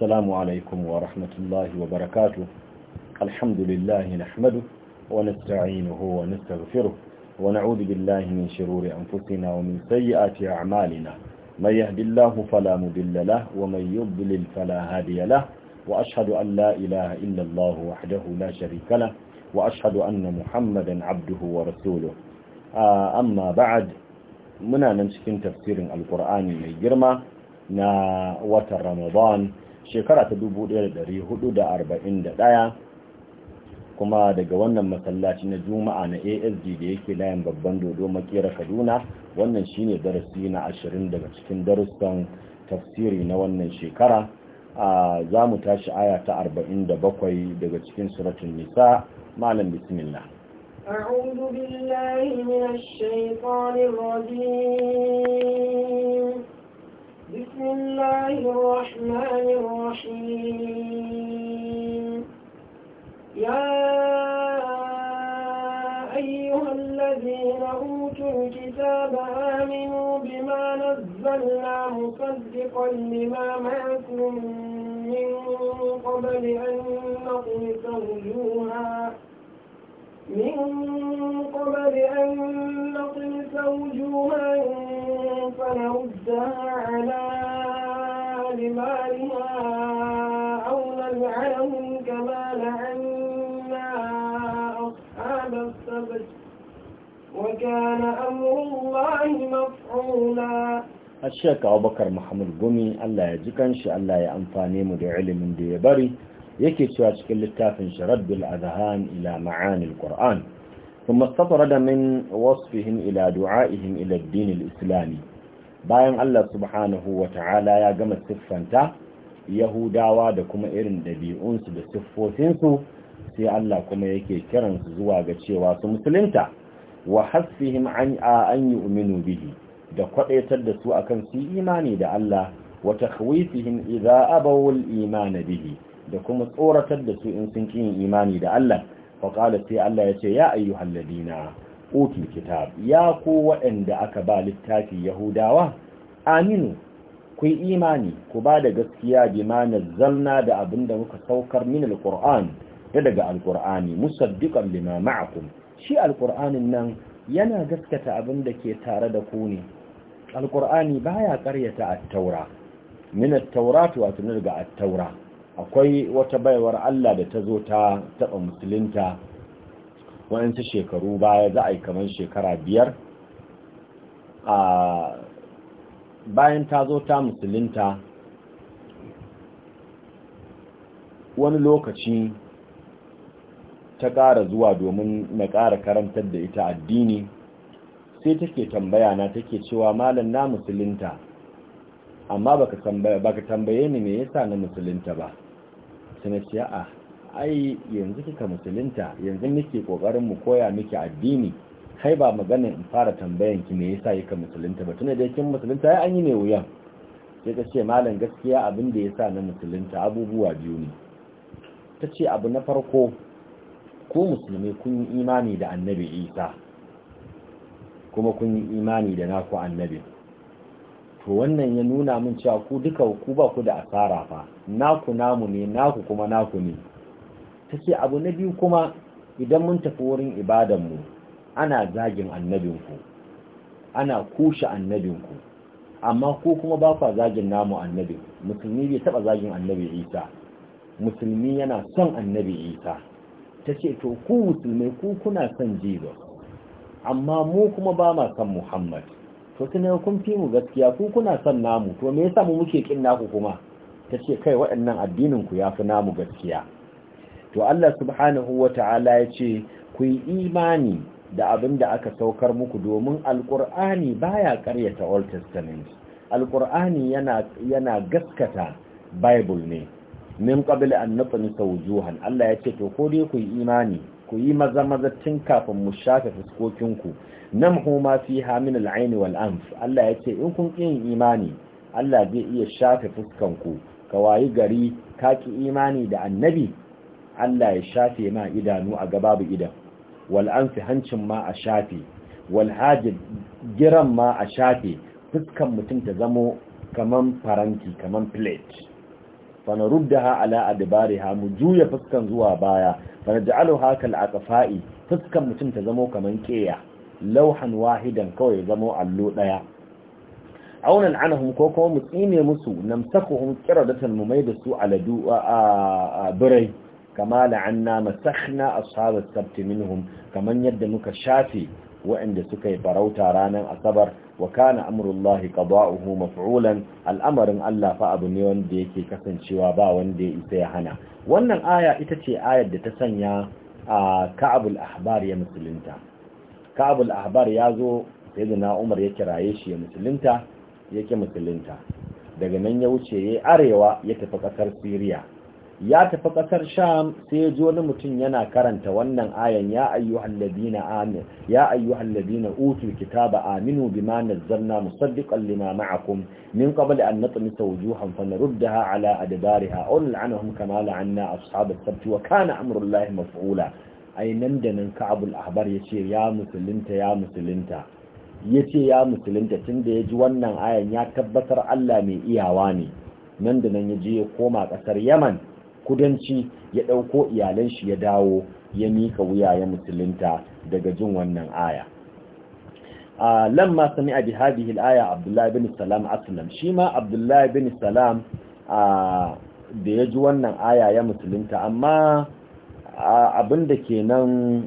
السلام عليكم ورحمة الله وبركاته الحمد لله نحمده ونستعينه ونستغفره ونعوذ بالله من شرور أنفسنا ومن سيئات أعمالنا من يهد الله فلا مضل له ومن يضلل فلا هادي له وأشهد أن لا إله إلا الله وحده لا شريك له وأشهد أن محمدا عبده ورسوله أما بعد muna nan cikin tafsirin alkur'ani mai girma na watan ramadan shekara ta dubu da da da hudu ɗaya kuma daga wannan masallaci na juma'a na asd da yake layin babban dodo makera kaduna wannan shine darasi na ashirin daga cikin darussan tafsiri na wannan shekara za mu tashi aya ta arba'in da bakwai daga cikin suratun nisa malam bismillah أعوذ بالله من الشيطان الرجيم بسم الله الرحمن الرحيم يا أيها الذين أوتوا الكتاب آمنوا بما نزلنا مصدقا لما معكم من قبل أن نطلق وجوها من قبل أن نطلس وجوها فنردها على لمالها أو نلعنهم كما لعنا أصحاب السبت وكان أمر الله مفعولا الشيخ أبو بكر محمد قمي الله يجكنش الله يأنفاني مدعي من ديبري yake cewa cikin littafin shi raddul ila ma'ani alquran kuma da min wasfihim ila du'a'ihim ila dinin islami bayan Allah subhanahu wata'ala ya gama siffanta yahudawa da kuma irin dabi'unsu da siffofinsu sai Allah kuma yake kiransu zuwa ga cewa su musulunta wa hasfihim an an uminu bihi da kwaɗaitar da su akan su imani da Allah wa takhwifihim idza abaw al bihi da kuma tsoratar da su in sun kin imani da Allah fa qala sai Allah ya ce ya ayyuhal ladina utul kitab ya ku waɗanda aka ba littafi yahudawa aminu ku imani ku ba da gaskiya bi ma nazzalna da abinda muka saukar min alquran da daga alqurani musaddiqan lima ma'akum shi alqur'anin nan yana gaskata abin da ke tare da ku ne alqur'ani baya ƙaryata at-taura min at-taurati wa tunirga at-taura akwai wata baiwar Allah da ta zo ta taɓa musulunta wa'ansu shekaru baya za a yi kamar shekara biyar a bayan ta zo ta musulunta wani lokaci ta ƙara zuwa domin na ƙara karantar da ita addini sai take tambaya na take cewa malam na musulunta amma baka tambaye ni me yasa na musulunta ba sai na ce a ai yanzu kika musulunta yanzu muke kokarin mu koya miki addini kai ba magana in fara tambayan ki me yasa kika musulunta ba tunda dai kin musulunta ai an yi ne wuyan sai ta ce malam gaskiya abin da yasa na musulunta abubuwa biyu ne ta ce abu na farko ko musulmai kun yi imani da annabi isa kuma kun yi imani da naku annabi to wannan ya nuna min cewa ku duka ku ba ku da asara fa naku namu ne naku kuma naku ne ta abu na biyu kuma idan mun tafi wurin ibadan mu, ana zagin annabinku ana kushe annabinku amma ko kuma ba ku zagin namu annabi musulmi bai taba zagin annabi isa musulmi yana son annabi isa ta to ku musulmi, ku kuna son jesus amma mu kuma ba ma son muhammad to kina kun fi mu gaskiya ku kuna son namu to me yasa mu muke kin naku kuma ta ce kai waɗannan addinin ku ya fi namu gaskiya to Allah subhanahu wa ta'ala ya ce ku yi imani da abin da aka saukar muku domin alƙur'ani baya ƙaryata old testament alƙur'ani yana yana gaskata bible ne min qabl an nutnisa wujuhan Allah ya ce to ko dai ku yi imani ku yi maza maza tun kafin mu shafe fuskokinku, ku namhu ma fiha min al-ayn wal Allah ya ce in kun yin imani Allah zai iya shafe fuskanku. ka wayi gari ka ki imani da annabi Allah ya shafe ma idanu a bu idan wal anfi hancin ma a shafe wal hajib giran ma a shafe fuskan mutum ta zamo kaman faranti kaman plate ha ala adbariha mu juya fuskan zuwa baya fanaj'aluha a ƙafa'i. fuskan mutum ta zamo kaman keya lauhan wahidan kawai zamo allo daya aunan anahum ko kuma mu tsine musu namsakuhum qiradatan mu mai da su aladu a birai kama la'anna masakhna as sabt minhum kaman yadda muka shafe waɗanda suka yi farauta ranar asabar wa kana amrullahi qada'uhu maf'ulan al'amarin Allah fa abu ne wanda yake kasancewa ba wanda ya isa ya hana wannan aya ita ce ayar da ta sanya Ka'abul Ahbar ya musulunta Ka'abul Ahbar ya zo sai da Umar ya kiraye shi ya musulunta yake musulunta daga nan ya wuce ya arewa ya tafi ƙasar Siriya ya tafi ƙasar Sham sai ya wani mutum yana karanta wannan ayan ya ayyuhal ladina amin ya utul kitaba aminu bima nazzalna musaddiqan lima ma'akum min qabl an natmisa wujuhan fanaruddaha ala adbariha aw nal'anahum kama la'anna ashab as-sabt wa kana amru llahi maf'ula ai nan da nan Ka'abul Ahbar yace ya musulunta ya musulunta ya ce ya musulunta tun da ya ji wannan ayan ya tabbatar Allah mai iyawa ne nan da nan ya je ya koma ƙasar yaman kudanci ya ɗauko iyalan shi ya dawo ya mika wuya ya musulunta daga jin wannan aya lamma sami a bihadihi abdullahi bin salam aslam shi ma abdullahi bin salam da ya ji wannan aya ya musulunta amma abin da ke nan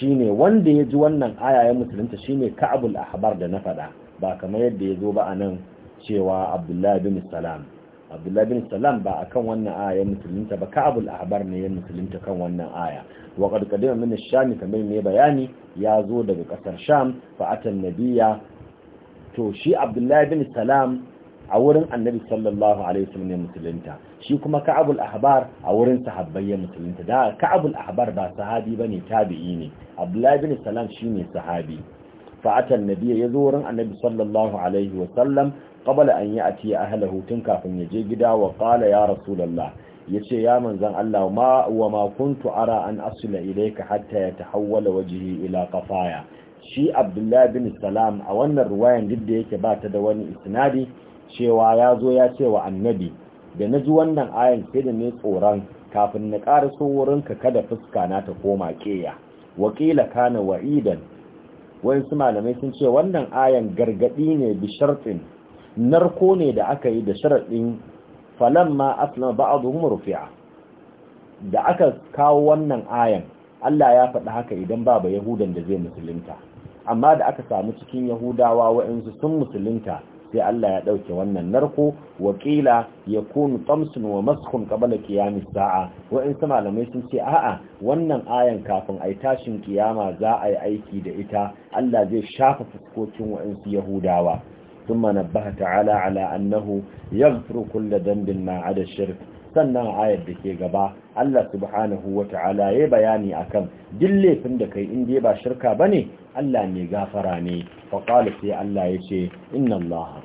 shine wanda ya ji wannan aya ya shi shine ka'abul ahbar da na faɗa ba kamar yadda ya zo ba a nan cewa abdullahi bin salam abdullahi bin salam ba kan wannan aya ya musulunta ba ka'abul ahbar ne ya musulunta kan wannan aya wa qad qadima min kamar mai bayani ya zo daga kasar sham Fa'atan Nabiya to shi abdullahi bin salam a wurin annabi sallallahu alaihi wasallam musulunta shi kuma ka'abul ahbar a wurin sahabbai ya musulunta da ka'abul ahbar ba sahabi bane tabi'i ne abdullahi bin salam shine sahabi fa ata annabi ya zo wurin annabi sallallahu alaihi wasallam yi an ya'ti ahlihi tun kafin ya je gida wa qala ya rasulullah yace ya manzon Allah ma wa ma kuntu ara an asila ilayka hatta yatahawwala wajhi ila qafaya shi abdullahi bin salam a wannan ruwayan duk da yake ba ta da wani isnadi cewa ya zo ya ce wa annabi da na ji wannan ayan sai da ne tsoron kafin na ƙaraso wurinka kada fuska na ta koma ƙeya wakila kana wa'idan wayansu malamai sun ce wannan ayan gargaɗi ne bi sharɗin narko ne da aka yi da sharaɗin falamma aslama ba'dhum rufi'a da aka kawo wannan ayan Allah ya faɗi haka idan babu Yahudan da zai musulunta amma da aka samu cikin Yahudawa waɗansu sun musulunta sai Allah ya ɗauke wannan narko wakila ya kunu tamsun wa maskun ƙabala kiyami sa'a wa'insu malamai sun ce a'a wannan ayan kafin a yi tashin kiyama za a yi aiki da ita Allah zai shafa fuskokin wa'insu yahudawa sun نبه ta'ala ala annahu يغفر كل ذنب ما عدا sannan ayar da ke gaba Allah subhanahu wa ta'ala ya bayani akan duk laifin da kai inda ba shirka bane Allah ne gafara ne fa qala sai Allah yace inna Allah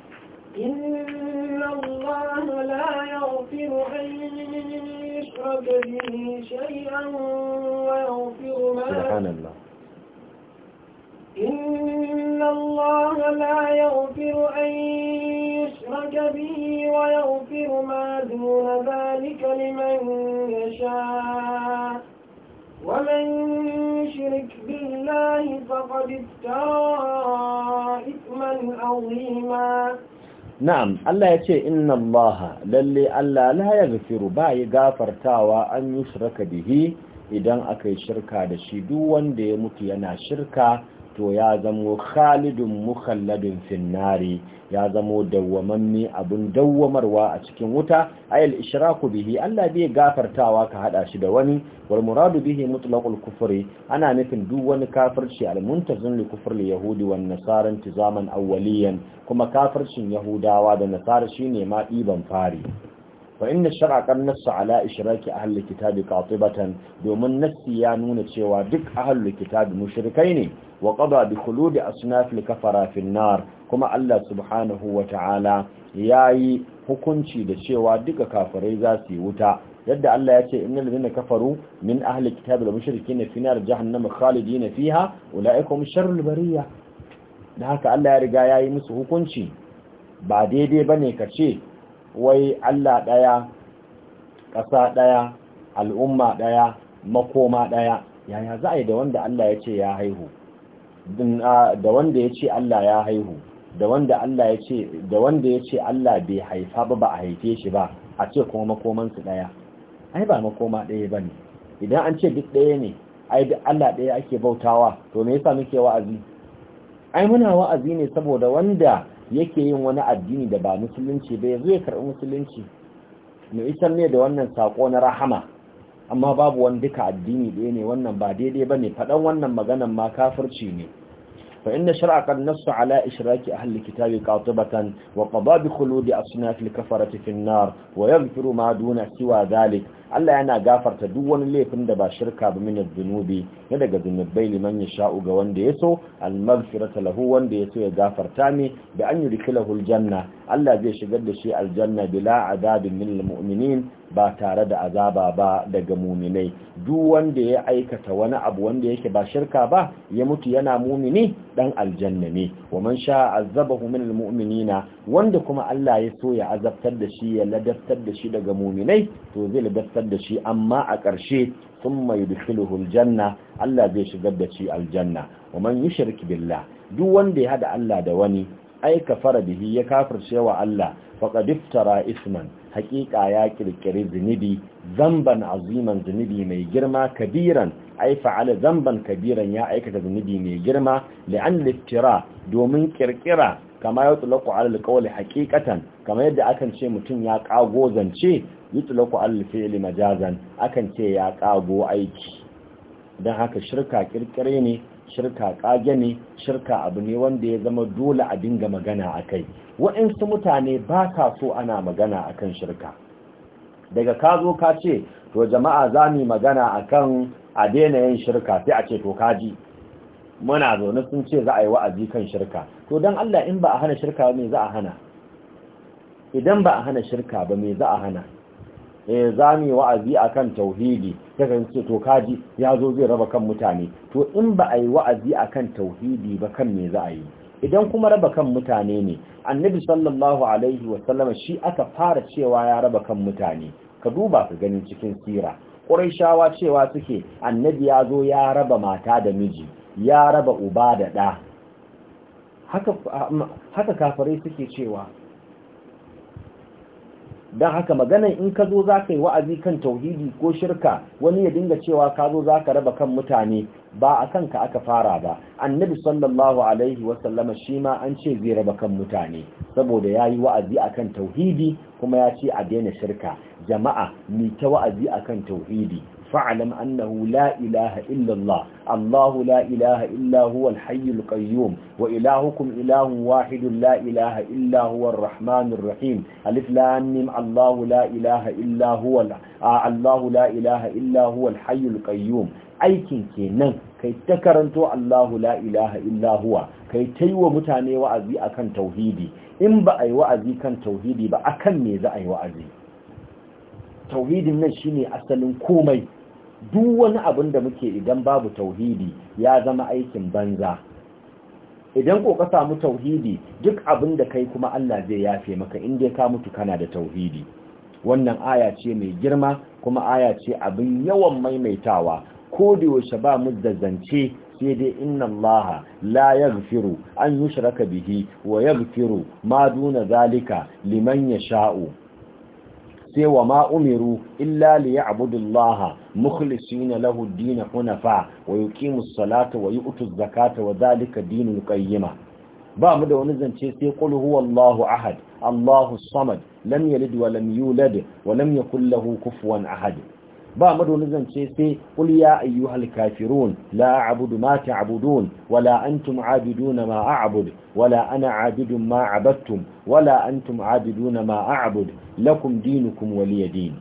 inna Allah la yaghfiru an yushraka bihi shay'an wa yaghfiru ma subhanallah inna Allah la yaghfiru an يشرك به ويغفر ما دون ذلك لمن يشاء ومن يشرك بالله فقد افترى إثما عظيما na'am Allah ya ce inna Allah lalle Allah la yaghfiru ba yi gafartawa an yi yushraka bihi idan akayi shirka da shi duk wanda ya mutu yana shirka to ya zamo khalidun mukhalladun finnari ya zamo dawwamanni abun dawwamarwa a cikin wuta ayal ishraku bihi Allah bai gafartawa ka hada shi da wani wal muradu bihi mutlaqul kufri ana nufin duk wani kafirci al muntazin li kufr yahudi wan nasara intizaman awwaliyan kuma kafircin yahudawa da nasara shine ma diban fari fa inna shar'a kan nassa ala ishraki ahli kitabi qatibatan domin nassi ya nuna cewa duk ahli kitabi mushrikai ne wa qada bi khulud asnaf al kafara fi kuma Allah subhanahu wa ta'ala yayi hukunci da cewa duka kafirai za yi wuta yadda Allah ya ce innal ladina kafaru min ahli kitabi wal mushrikeena fi nar jahannama khalidina fiha ulaika hum sharrul bariyah da haka Allah ya riga ya yi musu hukunci ba daidai bane ka ce wai Allah ɗaya ƙasa ɗaya al'umma ɗaya makoma ɗaya yaya za a yi da wanda Allah ya ce ya haihu da wanda ya ce Allah ya haihu da wanda ya ce ya ce Allah bai haifa ba ba a haife shi ba a ce kuma makomansu ɗaya ai ba makoma ɗaya ba ne idan an ce duk ɗaya ne ai duk Allah ɗaya ake bautawa to me yasa muke wa'azi ai muna wa'azi ne saboda wanda yake yin wani addini da ba musulunci ba yazo ya karɓi musulunci mu isan ne da wannan sako na rahama amma babu wani duka addini ɗaya ne wannan ba daidai bane faɗan wannan maganan ma kafirci ne fa inna shar'a qad ala ishraki ahli kitabi qatibatan wa qada bi khuludi asnaf al-kafarati fi an-nar wa yaghfiru ma duna siwa dhalik Allah yana gafarta duk wani laifin da ba shirka ba min zunubi na daga zunubai liman ya sha'u ga wanda ya so al-maghfirata lahu wanda ya so ya gafarta ne da an yudkhilahu al-janna Allah zai shigar da shi aljanna bila azabin min al ba tare da azaba ba daga muminai duk wanda ya aikata wani abu wanda yake ba shirka ba ya mutu yana mumini dan aljanna ne wa man sha azabahu min almu'minina wanda kuma Allah ya so ya azabtar da shi ya ladabtar da shi daga muminai to zai ladabtar halakar da shi amma a ƙarshe sun mai dukkanuhul janna Allah zai shigar da shi aljanna wa man yushrik billah duk wanda ya haɗa Allah da wani ai kafara bihi ya kafirce wa Allah faqad iftara isman haqiqa ya kirkiri zunubi zamban aziman zunubi mai girma kabiran ai fa'ala zamban kabiran ya aikata zunubi mai girma li'an liftira domin kirkira kama ya tsulaku ala kama yadda akan ce mutum ya ƙago zance yutlaku al-fi'li majazan akan ce ya kago aiki dan haka shirka kirkire ne shirka kage ne shirka abu ne wanda ya zama dole a dinga magana akai kai waɗansu mutane ba ka so ana magana akan shirka daga ka zo ka ce to jama'a za magana akan kan a daina yin shirka sai a ce to kaji muna zaune sun ce za a yi wa'azi kan shirka to don allah in ba a hana shirka ba me za a hana idan ba a hana shirka ba me za a hana eh zami wa'azi akan tauhidi kaga ce to kaji ya zo zai raba kan mutane to in ba a yi wa'azi akan tauhidi ba kan me za a yi idan kuma raba kan mutane ne annabi sallallahu alaihi wa sallama, shi aka fara cewa ya raba kan mutane ka duba ka gani cikin sira shawa cewa suke annabi ya zo ya raba mata da miji ya raba uba da ɗa haka kafirai suke cewa don haka maganan in ka zo za ka yi wa'azi kan tauhidi ko shirka wani ya dinga cewa ka zo za ka raba kan mutane ba a kan ka aka fara ba annabi sallallahu alaihi wasallama shi ma an ce zai raba kan mutane saboda ya yi wa'azi a kan tauhidi kuma ya ce a daina shirka jama'a ni ta wa'azi a kan tauhidi فاعلم أنه لا إله إلا الله الله لا إله إلا هو الحي القيوم وإلهكم إله واحد لا إله إلا هو الرحمن الرحيم ألف لامم الله لا إله إلا هو الله لا إله إلا هو الحي القيوم aikin kenan kai ta karanto Allahu la ilaha illa huwa kai ta yi wa mutane wa'azi akan tauhidi in ba a yi wa'azi kan tauhidi ba akan me za a yi wa'azi tauhidin nan shine asalin komai duk wani abin da muke idan babu tauhidi ya zama aikin banza idan ko samu tauhidi duk abin da kai kuma Allah zai yafe maka in dai ka mutu kana da tauhidi wannan aya ce mai girma kuma aya ce abin yawan maimaitawa ko da yaushe ba mu da zance sai dai inna Allah la yaghfiru an yushraka bihi wa yaghfiru ma duna zalika liman yasha'u sai wa ma umiru illa li ya'budullaha mukhlisina lahu ad-din hunafa wa yuqimus salata wa yu'tuz zakata wa dhalika dinul qayyima ba mu da wani zance sai qul huwallahu ahad Allahu samad lam yalid wa lam yulad wa lam yakul kufuwan ahad ba mu zance sai qul ya ayyuhal kafirun la a'budu ma ta'budun wala antum a'biduna ma a'bud wala ana a'bidun ma abattum wala antum a'biduna ma a'bud lakum dinukum waliya din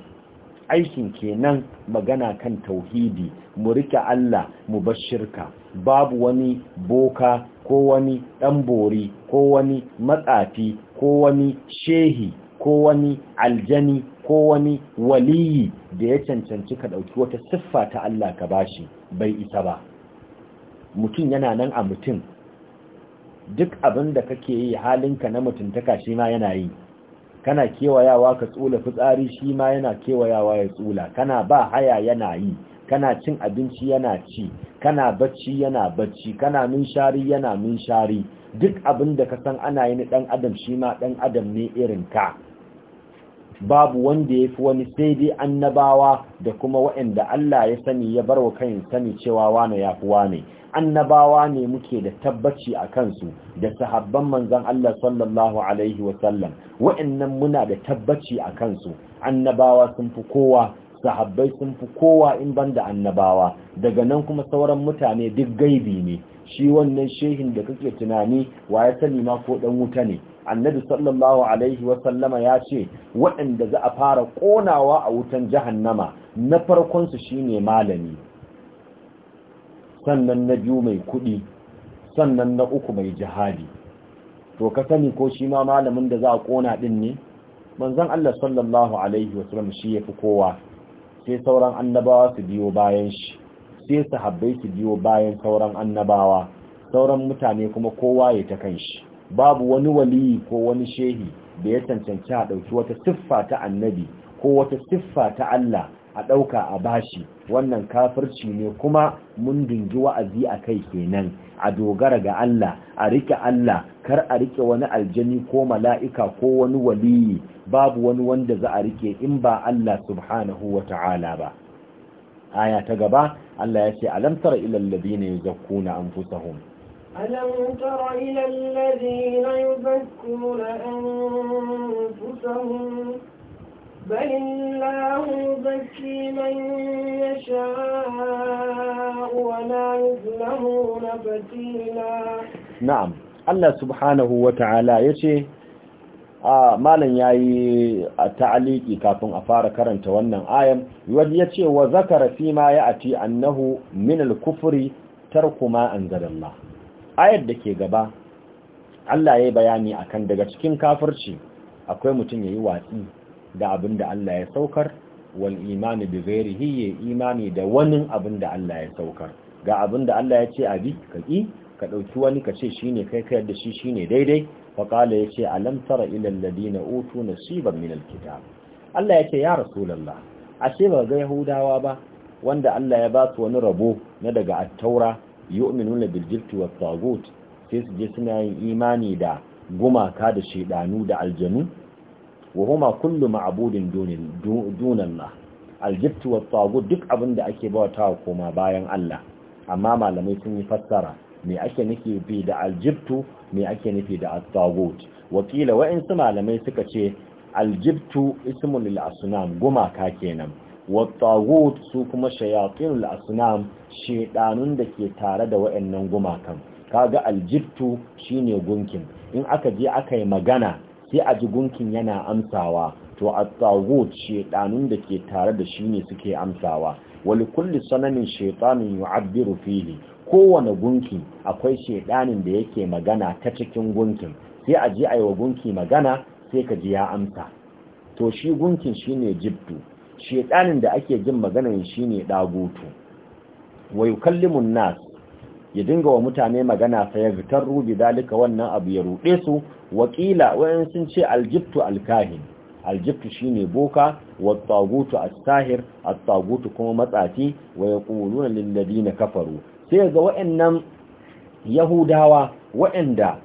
aikin kenan magana kan tauhidi mu rike Allah mu bashirka babu wani boka ko wani dan bori ko wani matsafi ko wani shehi ko wani aljani ko wani waliyi da ya cancanci ka ɗauki wata siffa ta Allah ka bashi bai isa ba mutum yana nan a mutum duk abin da kake yi halinka na mutuntaka shi ma yana yi kana kewayawa ka tsula fitsari shi ma yana kewayawa ya tsula kana ba haya yana yi kana cin abinci yana ci kana bacci yana bacci kana shari yana shari. duk abin da ka san ana yi ni dan adam shi ma dan adam ne irin ka babu wanda ya fi wani sai dai annabawa da kuma waɗanda Allah ya sani ya bar wa kayan sani cewa wane ya fi wane annabawa ne muke da tabbaci a kansu da sahabban manzan Allah sallallahu alaihi wasallam waɗannan muna da tabbaci a kansu annabawa sun fi kowa sahabbai sun fi kowa in banda annabawa daga nan kuma sauran mutane duk gaibi ne shi wannan shehin da kake tunani wa ya sani ma ko dan wuta ne annabi sallallahu alaihi wa sallama ya ce waɗanda za a fara konawa a wutan jahannama na farkon su shine malami sannan na biyu mai kuɗi sannan na uku mai jihadi to ka sani ko shi ma malamin da za a kona din ne manzon Allah sallallahu alaihi wa sallam shi yafi kowa sai sauran annabawa su biyo bayan shi sai sahabbai su biyo bayan sauran annabawa sauran mutane kuma kowa ya ta kan shi. babu wani waliyi ko wani shehi da ya cancanci a ɗauki wata siffa ta annabi ko wata siffa ta Allah a ɗauka a bashi wannan kafirci ne kuma mun dingi wa'azi a kai kenan a dogara ga Allah a rike Allah kar a rike wani aljani ko mala'ika ko wani waliyi babu wani wanda za a rike in ba Allah subhanahu wa ta'ala ba aya ta gaba ألا يشيء ألم تر إلى الذين يزكون أنفسهم ألم تر إلى الذين يزكون أنفسهم بل الله يزكي من يشاء ولا يظلمون فتيلا نعم الله سبحانه وتعالى يشيء a malam yayi ta'aliki kafin a fara karanta wannan ayan ya ce wa zakara fi ma ya'ti annahu min al-kufri tarku ma anzalallah ayar da ke gaba Allah yayi bayani akan daga cikin kafirci akwai mutum yayi watsi da abin da Allah ya saukar wal imani bi ghairihi imani da wani abin da Allah ya saukar ga abin da Allah ya ce a abi kaki ka ɗauki wani ka ce shi ne kai kayar da shi shi ne daidai faƙala ya ce alam tara ilal ladina utu nasiban min alkitab Allah ya ce ya rasulullah ashe ba ga yahudawa ba wanda Allah ya ba su wani rabo na daga at-taura yu'minuna bil jibti wat tagut sai su je suna yin imani da gumaka da shedanu da aljanu wa huma kullu ma'budin dunallah aljibti wat tagut duk abin da ake bautawa koma bayan Allah amma malamai sun yi fassara me ake nufi bi da aljibtu me ake nufi da at-tagut wakila wa'insu malamai suka ce aljibtu ismun lil asnam ka kenan at tagut su kuma lil asnam shedanun da ke tare da wa'annan gumakan kaga aljibtu shine gunkin in aka je aka yi magana sai a ji gunkin yana amsawa to at-tagut shedanun da ke tare da shi ne suke amsawa wali kulli sanamin shaytanin yu'abbiru fihi kowane gunki akwai shedanin da yake magana ta cikin gunkin sai a ji wa gunki magana sai ka ji ya amsa to shi gunkin shine jibtu shedanin da ake jin maganar shine dagutu wa yukallimun nas ya dinga wa mutane magana sai ya zitar rubi dalika wannan abu ya rude su wakila wayan sun ce aljibtu alkahin aljibtu shine boka wa tagutu as-sahir at-tagutu kuma matsati wa yaquluna lil ladina kafaru sai ga wa'annan yahudawa wa'anda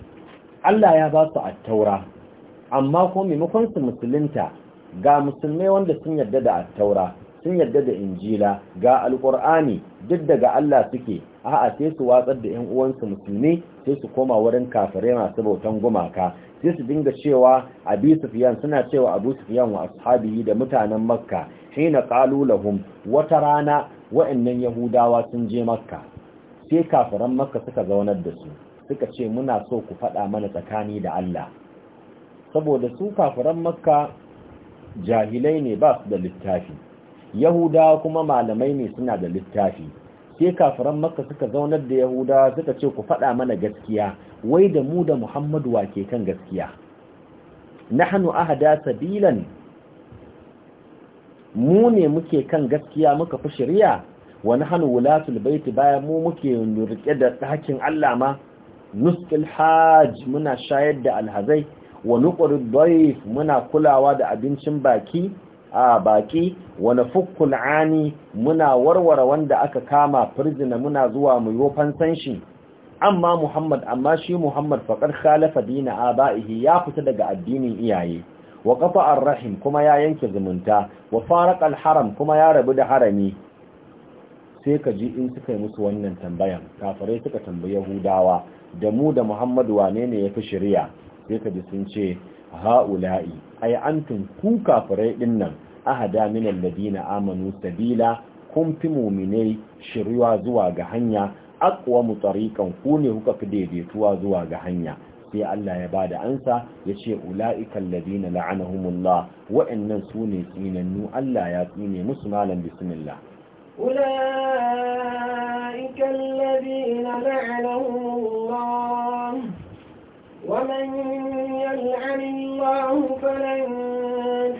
Allah ya ba su attaura amma ko maimakon su musulunta ga musulmai wanda sun yarda da attaura sun yarda da injila ga Alƙur'ani, duk daga Allah suke a'a sai su watsar da ƴan uwansu musulmi sai su koma wurin kafirai masu bautan gumaka sai su dinga cewa abi sufyan suna cewa abu sufyan wa ashabihi da mutanen makka hina qalu lahum wata rana wa'annan yahudawa sun je makka sai kafiran makka suka zaunar da su suka ce muna so ku faɗa mana tsakani da Allah saboda su kafiran makka jahilai ne ba su da littafi yahudawa kuma malamai ne suna da littafi sai kafiran makka suka zaunar da yahudawa suka ce ku faɗa mana gaskiya wai da mu da muhammadu wa ke kan gaskiya nahnu ahada sabilan mu ne muke kan gaskiya muka fi shari'a wani nahnu wulatul baiti bayan mu muke rike da dakin Allah ma nuskil hajj muna shayar da alhazai wa nuqrid dayf muna kulawa da abincin baki a baki wa nafukkul ani muna warware wanda aka kama firzina muna zuwa mu yi fansan shi amma Muhammad amma shi Muhammad faqad khalafa dina abaihi ya fita daga addinin iyaye wa qata rahim kuma ya yanke zumunta wa faraqa al-haram kuma ya rabu da harami sai ka ji in suka yi musu wannan tambayan kafirai suka tambayi yahudawa da mu da muhammadu wane ne ya shari'a sai ka ji sun ce ha'ula'i ai antum ku kafirai din nan ahada min alladina amanu sabila kun fi muminai shiriwa zuwa ga hanya aqwa mutariqan ku ne kuka fi daidaituwa zuwa ga hanya sai Allah ya bada ansa ya ce ula'ikan ladina la'anahumullah wa'annan su ne tsinannu Allah ya tsine musu malam bismillah أولئك الذين لعنهم الله ومن يلعن الله فلن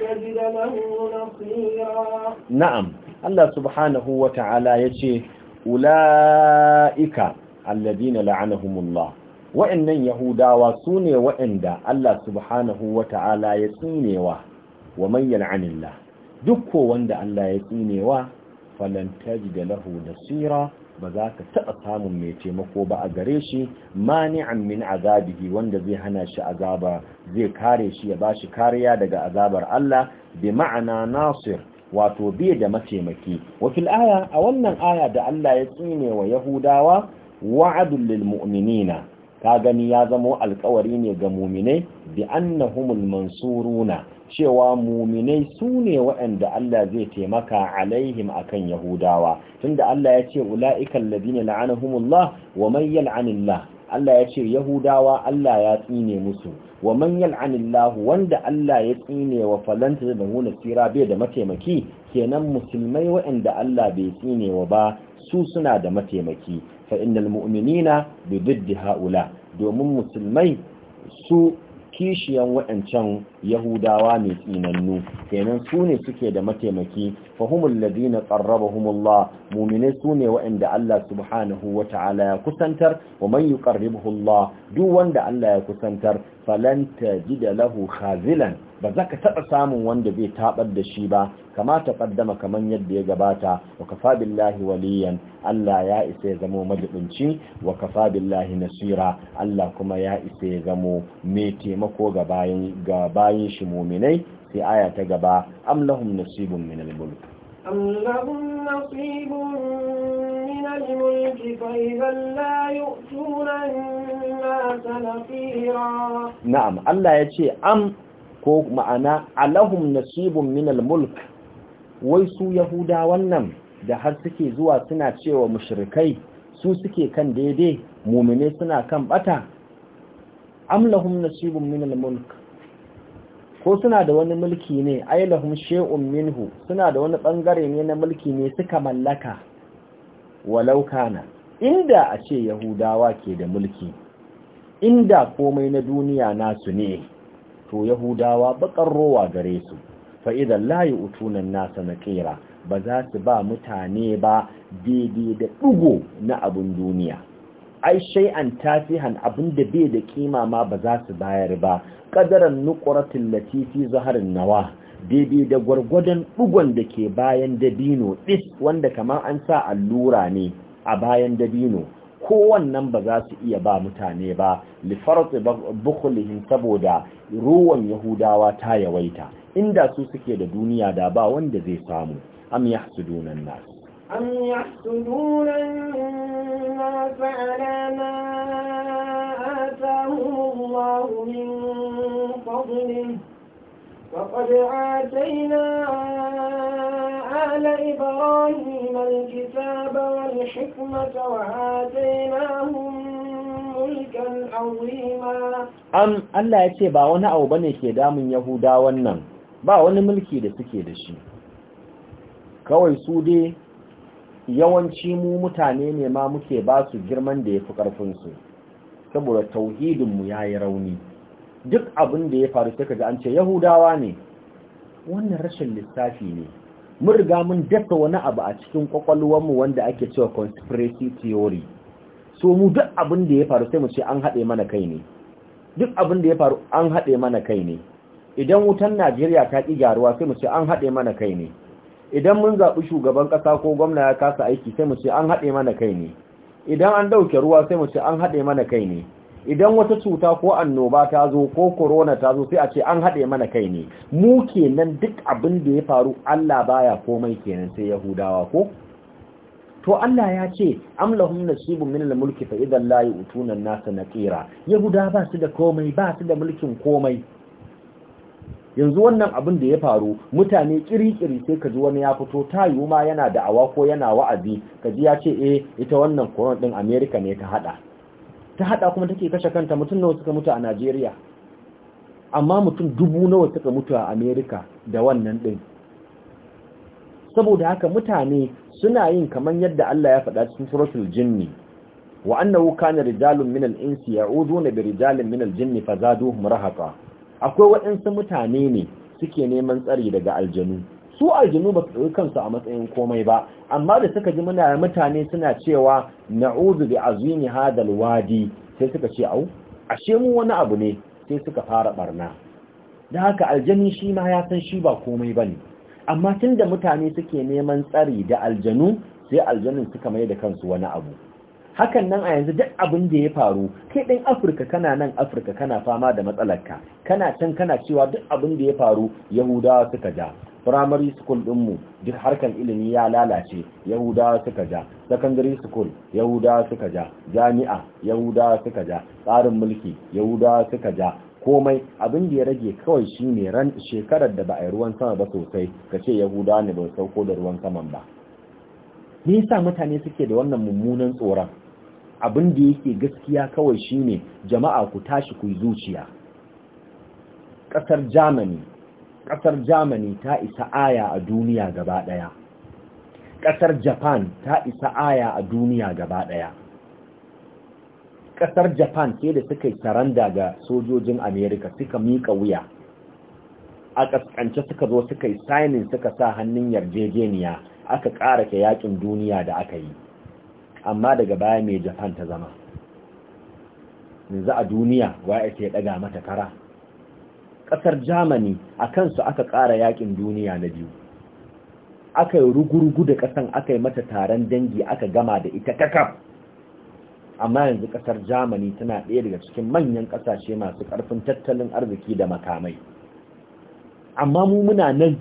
تجد له نصيرا نعم الله سبحانه وتعالى يجي أولئك الذين لعنهم الله wa'annan yahudawa su ne wa'anda Allah subhanahu wa ya tsinewa wa manyan anillah duk ko wanda Allah ya tsinewa falan da lahu da nasira ba za ka taɓa samun mai taimako ba a gare shi mani'an min azabihi wanda zai hana shi azaba zai kare shi ya ba shi kariya daga azabar Allah bi ma'ana nasir wato bi da mataimaki wakil aya a wannan aya da Allah ya tsine wa yahudawa wa'adun lil mu'minina ka gani ya zamo alkawari ne ga muminai bi annahumul mansuruna cewa muminai su ne waɗanda Allah zai taimaka alaihim akan yahudawa tunda Allah ya ce ula'ikal ladina la'anahumullah wa man yal'anillah Allah ya ce yahudawa Allah ya tsine musu wa man yal'anillah wanda Allah ya tsine wa falanta da huna sira bai da mataimaki kenan musulmai waɗanda Allah bai tsine wa ba su suna da mataimaki fa innal mu'minina bi diddi haula domin musulmai su kishiyan waɗancan yahudawa mai tsinannu kenan su ne suke da mataimaki fahimul ladina qarrabahumullah mu'minai su ne waɗanda Allah subhanahu wata'ala ya kusantar wa man yuqarribuhullah duk wanda Allah ya kusantar falan tajida lahu khazilan ba za ka taɓa samun wanda zai taɓar da shi ba Kamata ta ƙaddama kamar yadda ya gabata wa kafa billahi waliyan Allah ya isa ya zamo majibinci wa kafa billahi nasira Allah kuma ya isa ya zamo mai taimako ga bayan shi muminai sai aya ta gaba am lahum nasibun min al-mulk am lahum nasibun من الملك فإذا لا يؤتون الناس نفيرا نعم الله ko ma'ana alahum nasibun minal mulk wai su yahuda wannan da har suke zuwa suna cewa mushrikai su suke kan daidai mumine suna kan bata am lahum nasibun minal mulk ko suna da wani mulki ne ai lahum shay'un minhu suna da wani bangare ne na mulki ne suka mallaka walau kana inda a ce yahudawa ke da mulki inda komai na duniya nasu ne to yahudawa bakar rowa gare su fa idan la yu'tuna an-nasa naqira ba za su ba mutane ba daidai da dugo na abun duniya ai an tafihan abin da bai da kima ma ba za su bayar ba qadaran nuqratil Latifi fi zaharin nawa daidai da gwargwadon dugon da ke bayan dabino dis wanda kamar an sa allura ne a bayan dabino kowannan ba za su iya ba mutane ba lifarsu bukulihim saboda ruwan yahudawa ta yawaita inda su suke da duniya da ba wanda zai samu am yahsudunan nas am yahsudunan dunan ala ma atahum Allah min fadlihi وقد آتينا آل إبراهيم الكتاب والحكمة وآتيناهم mulkan عظيما أم Allah ya ce ba wani abu bane ke damun Yahuda wannan ba wani mulki da suke da shi kawai su dai yawanci mu mutane ne ma muke ba su girman da ya fi ƙarfinsu saboda tauhidinmu ya yi rauni duk abin da ya faru sai kaga an ce yahudawa ne wannan rashin lissafi ne mun riga mun dafa wani abu a cikin mu wanda ake cewa conspiracy theory so mu duk abin da ya faru sai mu ce an haɗe mana kai ne duk abin da ya faru an haɗe mana kai ne idan wutan Najeriya ta ƙi gyaruwa sai mu ce an haɗe mana kai ne idan mun zaɓi shugaban ƙasa ko gwamna ya kasa aiki sai mu ce an haɗe mana kai ne idan an ɗauke ruwa sai mu ce an haɗe mana kai ne idan wata cuta ko annoba ta zo ko korona ta zo sai a ce an haɗe mana kai ne mu kenan duk abin da ya faru Allah baya komai kenan sai yahudawa ko to Allah ya ce am nasibun min mulki fa idan la yu'tuna an-nasa naqira yahuda ba su da komai ba su da mulkin komai yanzu wannan abin da ya faru mutane kirikiri sai kaji wani ya fito ta ma yana da awa ko yana wa'azi kaji ya ce eh ita wannan corona din America ne ta hada ta hada kuma take kashe kanta mutum nawa suka mutu a Najeriya amma mutum dubu nawa suka mutu a Amerika da wannan din saboda haka mutane suna yin kaman yadda Allah ya faɗa cikin suratul jinni wa annahu kana rijalun minal insi ya'uduna bi rijalin minal jinni fazaduhum rahaqa akwai waɗansu mutane ne suke neman tsari daga aljanu su aljinu ba su kansu a matsayin komai ba amma da suka ji muna mutane suna cewa na'udu bi azimi hadal wadi sai suka ce au ashe mu wani abu ne sai suka fara barna da haka Aljanu shi ma ya san shi ba komai bane amma da mutane suke neman tsari da aljanu sai aljanun suka mai da kansu wani abu hakan nan a yanzu duk abin da ya faru kai ɗan afirka kana nan afirka kana fama da matsalarka kana can kana cewa duk abin da ya faru yahudawa suka ja primary school dinmu duk harkar ilimi ya lalace Yahuda suka ja secondary school Yahuda suka ja jami'a Yahuda suka ja tsarin mulki Yahuda suka ja komai abin da ya rage kawai shine ran shekarar da ba a yi ruwan sama ba sosai ka ce Yahuda ne ba sauko da ruwan saman ba me yasa mutane suke da wannan mummunan tsoron abin da yake gaskiya kawai shine jama'a ku tashi ku zuciya ƙasar Germany ƙasar germany ta isa aya a duniya gaba ɗaya ƙasar japan ta isa aya a duniya gaba ɗaya ƙasar japan sai da suka yi saranda ga sojojin america suka miƙa wuya a ƙasƙance suka zo suka yi sainin suka sa hannun yarjejeniya aka ƙara ke yaƙin duniya da aka yi amma daga baya mai japan ta zama yanzu a duniya wa ya ke ɗaga mata kara ƙasar germany a kansu aka ƙara yaƙin duniya na biyu aka yi rugurgu da ƙasan aka yi mata taron dangi aka gama da ita kakaf amma yanzu ƙasar germany tana ɗaya daga cikin manyan ƙasashe masu ƙarfin tattalin arziki da makamai amma mu muna nan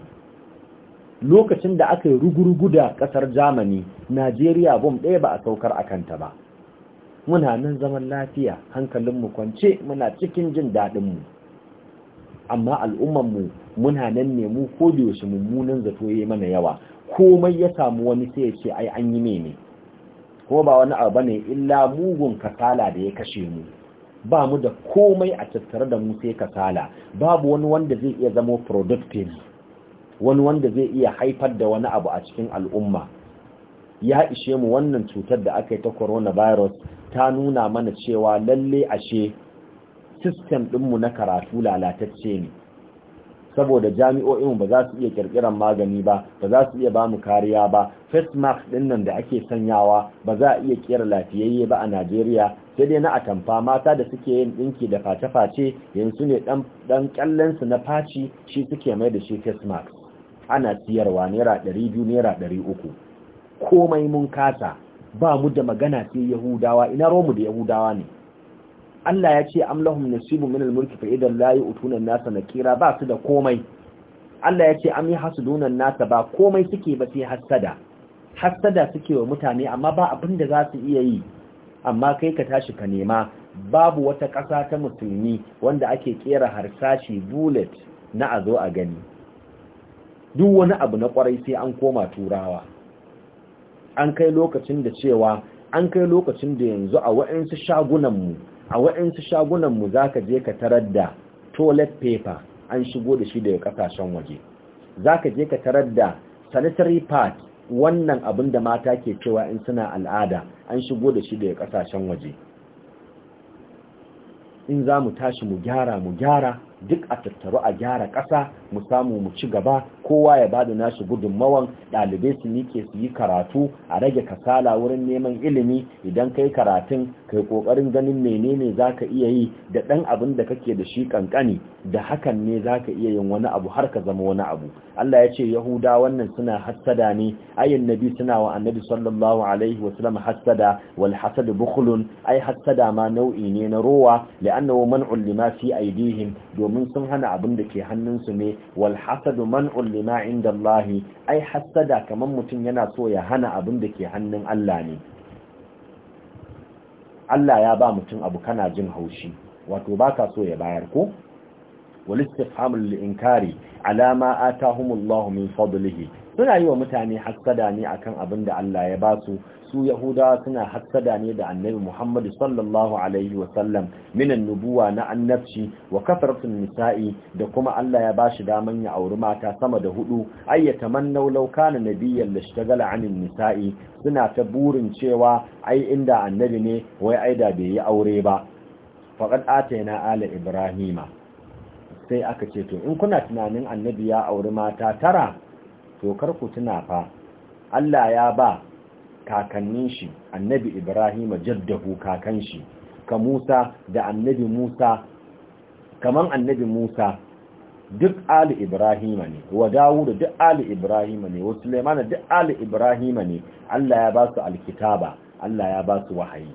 lokacin da aka yi rugurgu da ƙasar germany najeriya bom ɗaya ba a saukar a kanta ba muna nan zaman lafiya hankalinmu kwance muna cikin jin daɗinmu amma al'umman mu muna nan ne mu ko da yaushe mummunan zato yayi mana yawa komai ya samu wani sai ya ce ai an yi mene ko ba wani abu bane illa mugun kasala da ya kashe mu ba mu da komai a tattare da mu sai kasala babu wani wanda zai iya zama productive wani wanda zai iya haifar da wani abu a cikin al'umma ya ishe mu wannan cutar da aka yi ta coronavirus ta nuna mana cewa lalle ashe system ɗinmu na karatu lalatacce ne saboda jami'o'in ba za su iya ƙirƙiran magani ba ba za su iya ba mu kariya ba face mask din nan da ake sanyawa ba za a iya ƙera lafiyayye ba a Najeriya sai dai na atamfa mata da suke yin ɗinki da face-face yanzu ne ɗan dan kallon su na faci shi suke mai da shi face mask ana siyarwa naira 200 naira 300 komai mun kasa ba mu da magana sai Yahudawa ina romu da Yahudawa ne Allah ya ce am nasibu min al-mulki fa idan la yu'tuna an-nasa nakira ba su da komai Allah ya ce am yahsuduna an-nasa ba komai suke ba sai hasada hasada suke wa mutane amma ba abin da za su iya yi amma kai ka tashi ka nema babu wata ƙasa ta musulmi wanda ake kera harsashi bullet na a zo a gani duk wani abu na kwarai sai an koma turawa an kai lokacin da cewa an kai lokacin da yanzu a waɗansu mu. a waɗansu shagunanmu za ka je ka tarar da toilet paper an shigo da shi daga ƙasashen waje za ka je ka tarar da sanitary pad wannan abin da mata ke cewa in suna al'ada an shigo da shi daga ƙasashen waje in za mu tashi mu gyara mu gyara duk a tattaru a gyara ƙasa mu samu mu ci gaba kowa ya bada nashi gudunmawan ɗalibai su nike su yi karatu a rage kasala wurin neman ilimi idan kai karatun kai ƙoƙarin ganin menene za ka iya yi da ɗan abin da kake da shi ƙanƙani da hakan ne za ka iya yin wani abu har ka zama wani abu Allah ya ce Yahuda wannan suna hassada ne ayin nabi suna wa annabi sallallahu alaihi wa sallam hassada wal hasad bukhlun ai hassada ma nau'i ne na rowa li'annahu man'un lima fi aidihim domin sun hana abin da ke hannunsu ne wal hasad man'un lima inda Allahi ai hasada kamar mutum yana so ya hana abin da ke hannun Allah ne Allah ya ba mutum abu kana jin haushi wato baka so ya bayar ko والاستفهام للإنكار على ما آتاهم الله من فضله suna yi wa mutane hassada ne akan abin da Allah ya basu su yahudawa suna hassada ne da annabi Muhammad sallallahu alaihi wa sallam minan nubuwa na annabci wa kafaratun nisa'i da kuma Allah ya bashi daman ya auri mata sama da hudu ayyata mannau lauka na nabiyyan lashtagala anin nisa'i suna ta burin cewa ai inda annabi ne wai ai da bai yi aure ba faqad atayna ala ibrahima sai aka ce to in kuna tunanin annabi ya auri mata tara to kar ku tuna fa Allah ya ba kakannin shi annabi Ibrahim jaddahu kakan shi ka Musa da annabi Musa kaman annabi Musa duk ali Ibrahim ne wa Dawud duk ali Ibrahim ne wa Sulaiman duk ali Ibrahim ne Allah ya ba su alkitaba Allah ya ba su wahayi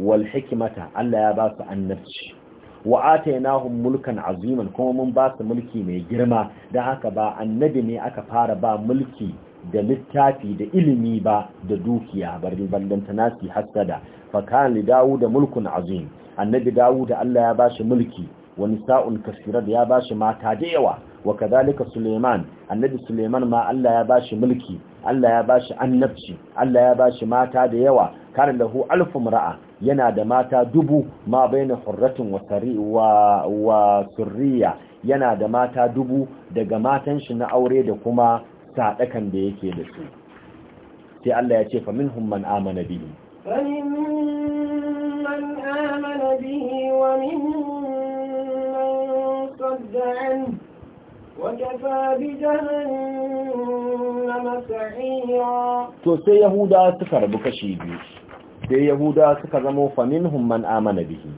wal hikmata Allah ya ba su annabci wa atainahum mulkan aziman kuma mun ba su mulki mai girma da haka ba annabi ne aka fara ba mulki da littafi da ilimi ba da dukiya bari ballanta nasi hasada fa kan li dawud mulkun azim annabi dawud Allah ya bashi mulki wa nisa'un kasirat ya bashi mata da yawa wa kadhalika suleiman annabi suleiman ma Allah ya bashi mulki Allah ya bashi annabci Allah ya bashi mata da yawa karin lahu alfu ra'a yana da mata dubu ma baina hurratin wa surriya yana da mata dubu daga matan shi na aure da kuma saɗakan da yake da su sai Allah ya ce fa minhum amana bihi fa man amana bihi wa minhum man to sai سعيرا suka rabu kashi biyu sai yahuda suka zama faminhum man amana bihi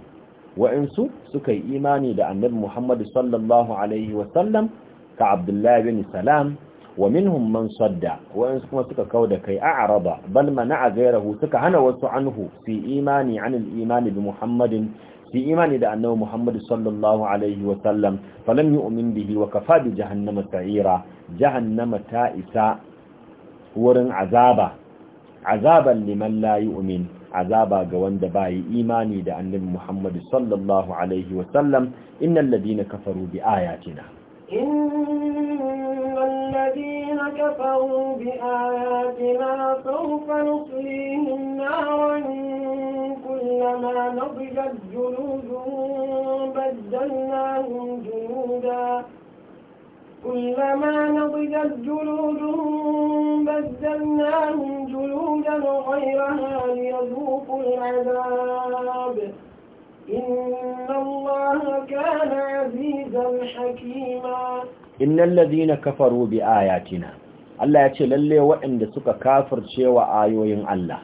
wa'insu suka yi imani da annabi Muhammad sallallahu alaihi wa sallam ka Abdullah bin Salam wa minhum man sadda wa'insu kuma suka da kai a'rada bal mana'a ghayrahu suka hana wasu anhu fi imani anil imani bi Muhammadin su imani da annabi Muhammad sallallahu alaihi wa sallam falam yu'min bihi wa kafa bi jahannama sa'ira jahannama ta isa wurin azaba azaban liman la yu'min azaba ga wanda ba yi imani da annabi Muhammad sallallahu alaihi wa sallam innal ladina kafaru bi ayatina innal ladina kafaru bi ayatina sawfa nuslihim أزلفت جنودهم بدلناهم جنودا كلما نضجت جلودهم بدلناهم جلودا غيرها ليذوقوا العذاب إن الله كان عزيزا حكيما إن الذين كفروا بآياتنا Allah ya ce lalle waɗanda suka kafirce wa ayoyin Allah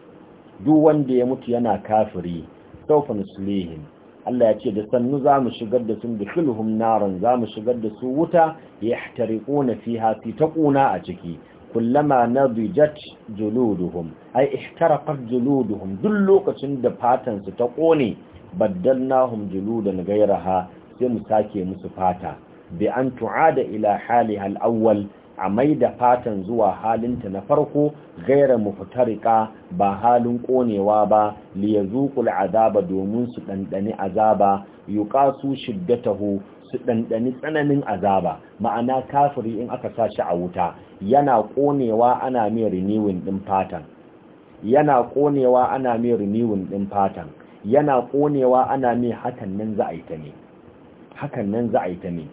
duk wanda ya mutu yana kafiri sawfa sulihin, Allah ya ce da sannu za mu shigar da sun dukuluhum naran za mu shigar da su wuta ya ihtariquna fiha fi ƙuna a ciki kullama bijat juluduhum ay ihtaraqat juluduhum duk lokacin da fatan su ta kone baddalnahum juludan gairaha, sai mu sake musu fata bi an tu'ada ila hali al-awwal a mai da fatan zuwa halinta na farko gaira riƙa ba halin konewa ba liyazuqul azaba domin su dandani azaba yuqasu shiddatahu su dandani tsananin azaba ma'ana kafiri in aka sa shi a wuta yana konewa ana mai riniwin din fatan yana ƙonewa ana mai riniwin din fatan yana konewa ana mai hakan nan za a yi ta ne hakan nan za a yi ta ne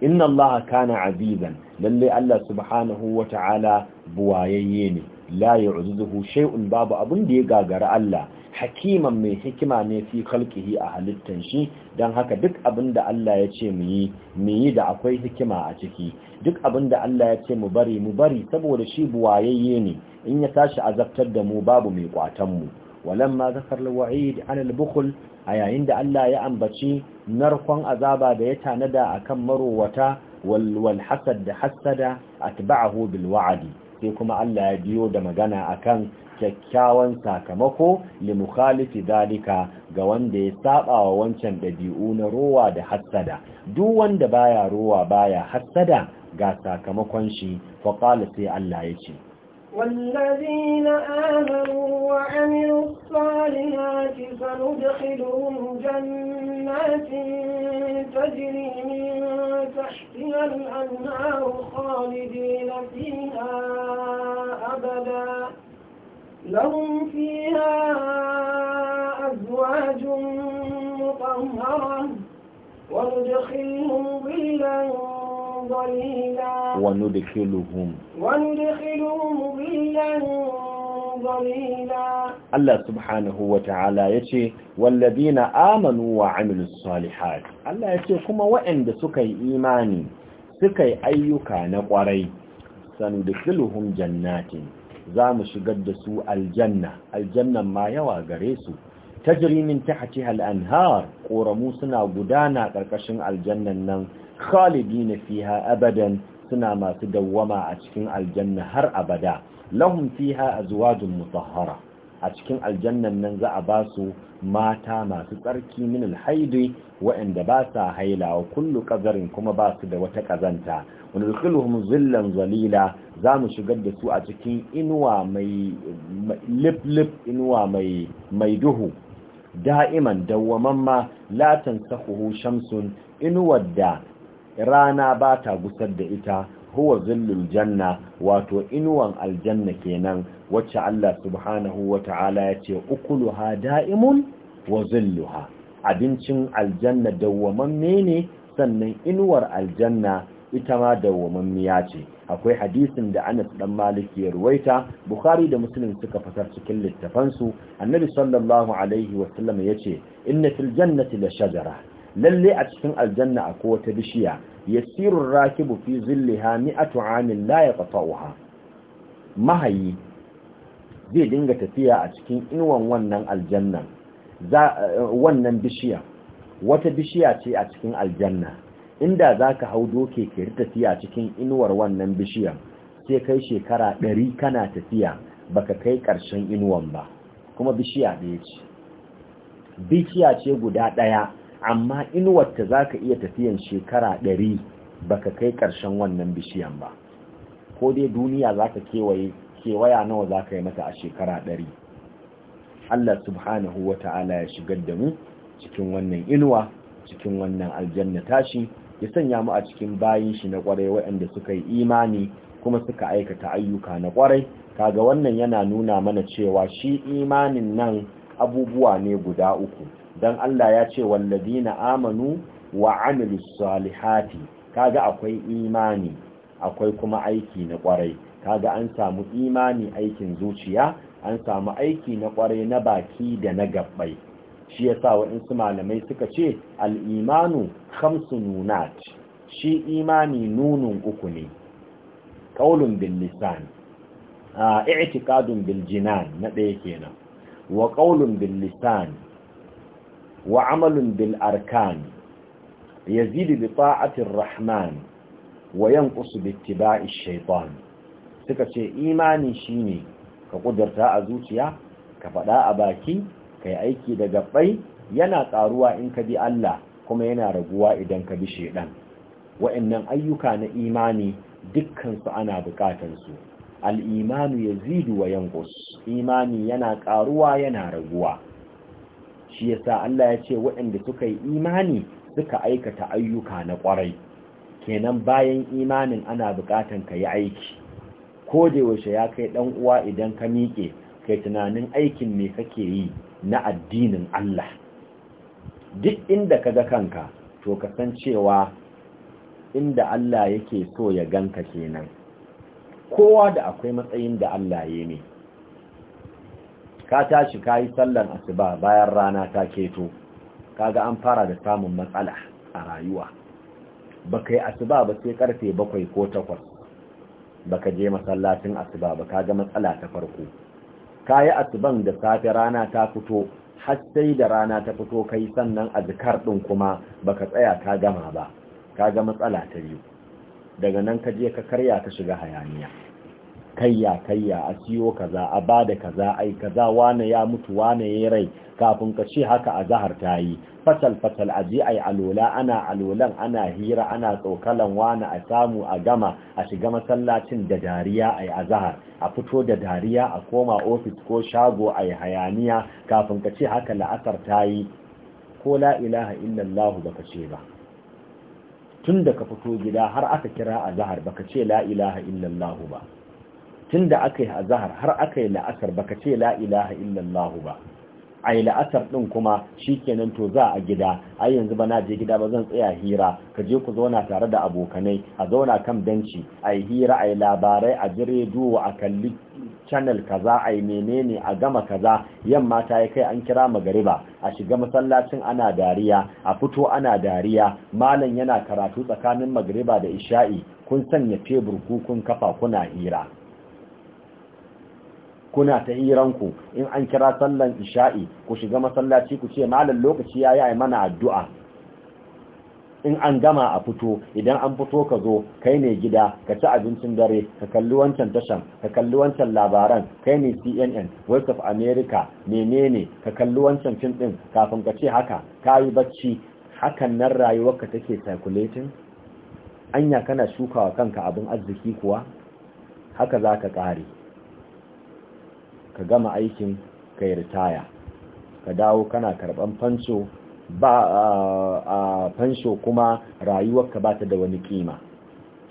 inna Allah kana azizan lalle Allah subhanahu wata'ala buwayayye ne la yu'jizuhu shay'un babu abun da ya gagara Allah hakiman mai hikima ne fi khalqihi a halittan shi dan haka duk abin da Allah ya ce mu yi mu da akwai hikima a ciki duk abin da Allah ya ce mu bari mu bari saboda shi buwayayye ne in ya tashi azabtar da mu babu mai kwatan mu walamma zakar alwa'id an albukhl a yayin da Allah ya ambaci narkon azaba da ya tanada akan marowata wal da hasada atba'ahu bil wa'di sai kuma Allah ya biyo da magana akan kyakkyawan sakamako li mukhalifi dalika ga wanda ya saba wa wancan dabi'u na rowa da hasada duk wanda baya rowa baya hasada ga sakamakon shi fa qala sai Allah ya ci. والذين آمنوا وعملوا الصالحات فندخلهم جنات تجري من تحتها الأنهار خالدين فيها أبدا لهم فيها أزواج مطهرة وندخلهم ظلا ضليلا وندخلهم وندخلهم ظلا ظليلا الله سبحانه وتعالى يتي والذين آمنوا وعملوا الصالحات الله يتي كما وعند سكي إيماني سكي أيك نقري سندخلهم جنات za mu shigar da su aljanna aljannan ma yawa gare su tajri min tahtiha al-anhar koramu suna gudana karkashin aljannan nan na fiha abadan suna masu dawwama a cikin aljanna har abada lahum fiha azwajun mutahhara a cikin aljannan nan za a ba su mata masu tsarki min alhaidi waɗanda ba sa haila wa kullu qazarin kuma ba su da wata kazanta wa zillan zalila za mu shigar da su a cikin inuwa mai lip lip inuwa mai mai duhu da'iman dawwaman ma la tansahu shamsun inuwar da rana ba ta gusar da ita huwa zillul janna wato inuwan aljanna kenan wacce Allah subhanahu wa ta'ala ya ce ukuluha da'imun wa zilluha abincin aljanna dawwamamme ne sannan inuwar aljanna ita ma miya ce akwai hadisin da Anas dan maliki ya ruwaita Bukhari da Muslim suka fasar cikin littafansu Annabi sallallahu alaihi wa sallam yace inna fil jannati la shajara lalle a cikin aljanna akwai wata bishiya yasirur rakibu fi zilliha mi'atu 'amin la yaqta'uha mahayi zai dinga tafiya a cikin inwan wannan aljanna wannan bishiya wata bishiya ce a cikin aljanna inda zaka hau doke ka tafiya a cikin inuwar wannan bishiyan sai kai shekara ɗari kana tafiya baka kai ƙarshen inuwan ba kuma bishiya ɗaya ce bishiya ce guda ɗaya amma ta za ka iya tafiyan shekara ɗari ba ka kai ƙarshen wannan bishiyan ba ko dai duniya za ka kewaya nawa za ka yi mata a shekara ɗari Allah subhanahu wa ta'ala ya shigar da mu cikin wannan inuwa cikin wannan aljanna tashi ya sanya mu a cikin bayin shi na kwarai waɗanda suka yi imani kuma suka aikata ayyuka na kwarai kaga wannan yana nuna mana cewa shi imanin nan abubuwa ne guda uku dan Allah ya ce na amanu wa amilus salihati kaga akwai imani akwai kuma aiki na kwarai kaga an samu imani aikin zuciya an samu aiki na kwarai na baki da na gabbai shi yasa waɗansu malamai suka ce al-imanu khamsu nunat shi imani nunun uku ne qaulun bil lisan i'tiqadun bil jinan na ɗaya kenan wa qaulun bil wa amalun bil arkan yazidu bi ta'atir rahman wa yanqusu bi ittiba'i suka ce imani shine ka kudurta a zuciya ka faɗa a baki kai aiki daga gabbai yana ƙaruwa in ka bi Allah kuma yana raguwa idan ka bi shaidan wa'annan ayyuka na imani dukkansu ana bukatansu al'imanu ya zidu wa yankus imani yana ƙaruwa yana raguwa shi yasa Allah ya ce waɗanda suka yi imani suka aikata ayyuka na ƙwarai kenan bayan imanin ana buƙatan ka yi aiki ko da yaushe ya kai ɗan uwa idan ka miƙe kai tunanin aikin me kake yi na addinin Allah duk inda ka ga kanka to ka san cewa inda Allah yake so ya ganka kenan kowa da akwai matsayin da Allah ya ne ka tashi ka yi sallan asuba bayan rana ta keto kaga an fara da samun matsala a rayuwa ba ka yi asuba ba sai karfe bakwai ko takwas ba ka je masallacin asuba ba kaga matsala ta farko ka yi asuban da safe rana ta fito har sai da rana ta fito ka yi sannan azkar ɗin kuma ba ka tsaya ka gama ba kaga matsala ta biyu daga nan ka je ka karya ka shiga hayaniya kayya kayya a siyo kaza a bada kaza ai kaza wane ya mutu wane ya rai kafin ka ce haka a zahar ta yi fatal fatal a je ai alola ana alolan ana hira ana tsokalan wani a samu a gama a shiga masallacin da dariya ai a zahar a fito da dariya a koma ofis ko shago ai hayaniya kafin ka ce haka la'asar ta yi ko la ilaha illallah baka ce ba tun da ka fito gida har aka kira a zahar baka ce la ilaha illallah ba tun da aka yi azahar har aka yi la'asar baka ce la ilaha illallah ba a yi la'asar ɗin kuma shi kenan to za a gida a yanzu ba na je gida ba zan tsaya hira ka je ku zauna tare da abokanai a zauna kan benci a yi hira a yi labarai a ji rediyo a kalli channel kaza a yi menene a gama kaza yamma ta yi kai an kira magariba a shiga masallacin ana dariya a fito ana dariya malam yana karatu tsakanin magariba da isha'i kun sanya tebur ku kun kafa kuna hira kuna ta hiranku in an kira sallan isha'i ku shiga masallaci ku ce malam lokaci yayi ai mana addu'a in an gama a fito idan an fito ka zo kai ne gida ka ci abincin dare ka kalli wancan tashan ka kalli wancan labaran kai ne CNN Voice of America menene ka kalli wancan fim din kafin ka ce haka kayi bacci hakan nan rayuwarka take circulating anya kana shukawa kanka abin arziki kuwa haka za ka kare ka gama aikin ka ritaya ka dawo kana karban fanso ba a fansho kuma rayuwarka ba ta da wani kima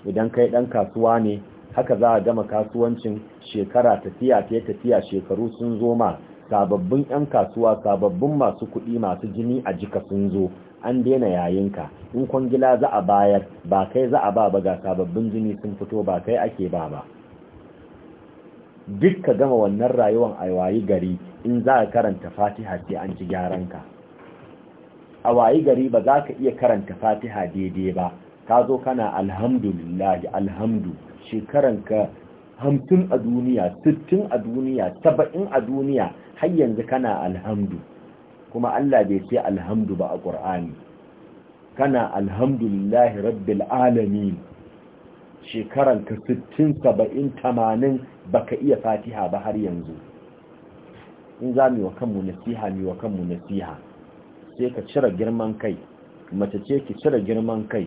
idan kai dan kasuwa ne haka za a gama kasuwancin shekara tafiya ta tafiya shekaru sun zo ma sababbin 'yan kasuwa sababbin masu kuɗi masu jini a jika sun zo an daina yayinka in kwangila za a bayar ba kai za a ba ba ga sababbin jini sun fito ba kai ake ba ba duk ka gama wannan rayuwan a wayi gari in za ka karanta fatiha sai an ci ka a wayi gari ba za ka iya karanta fatiha daidai ba ka zo kana alhamdulillah alhamdu ka hamsin a duniya sittin a duniya saba'in a duniya har yanzu kana alhamdu kuma Allah bai ce alhamdu ba a ƙur'ani kana alhamdulillahi rabbil alamin ka sittin saba'in tamanin baka iya fatiha ba har yanzu in za mu yi wa kanmu nasiha mu yi wa kanmu nasiha sai ka cire girman kai mace ce ki cire girman kai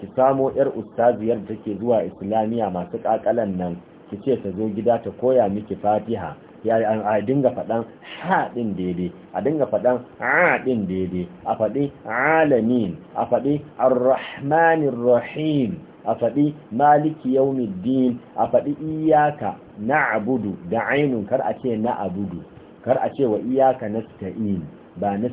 ki samo yar ustaziyar da ke zuwa islamiya masu kakalan nan ki ce ta zo gida ta koya miki fatiha ya a dinga faɗan ha ɗin daidai a dinga faɗan a ɗin daidai a faɗi alamin a faɗi arrahmanir rahim a faɗi maliki yaumiddin a faɗi iyaka na abudu da ainun kar a ce abudu, kar a ce wa iyaka na sita'in, ba na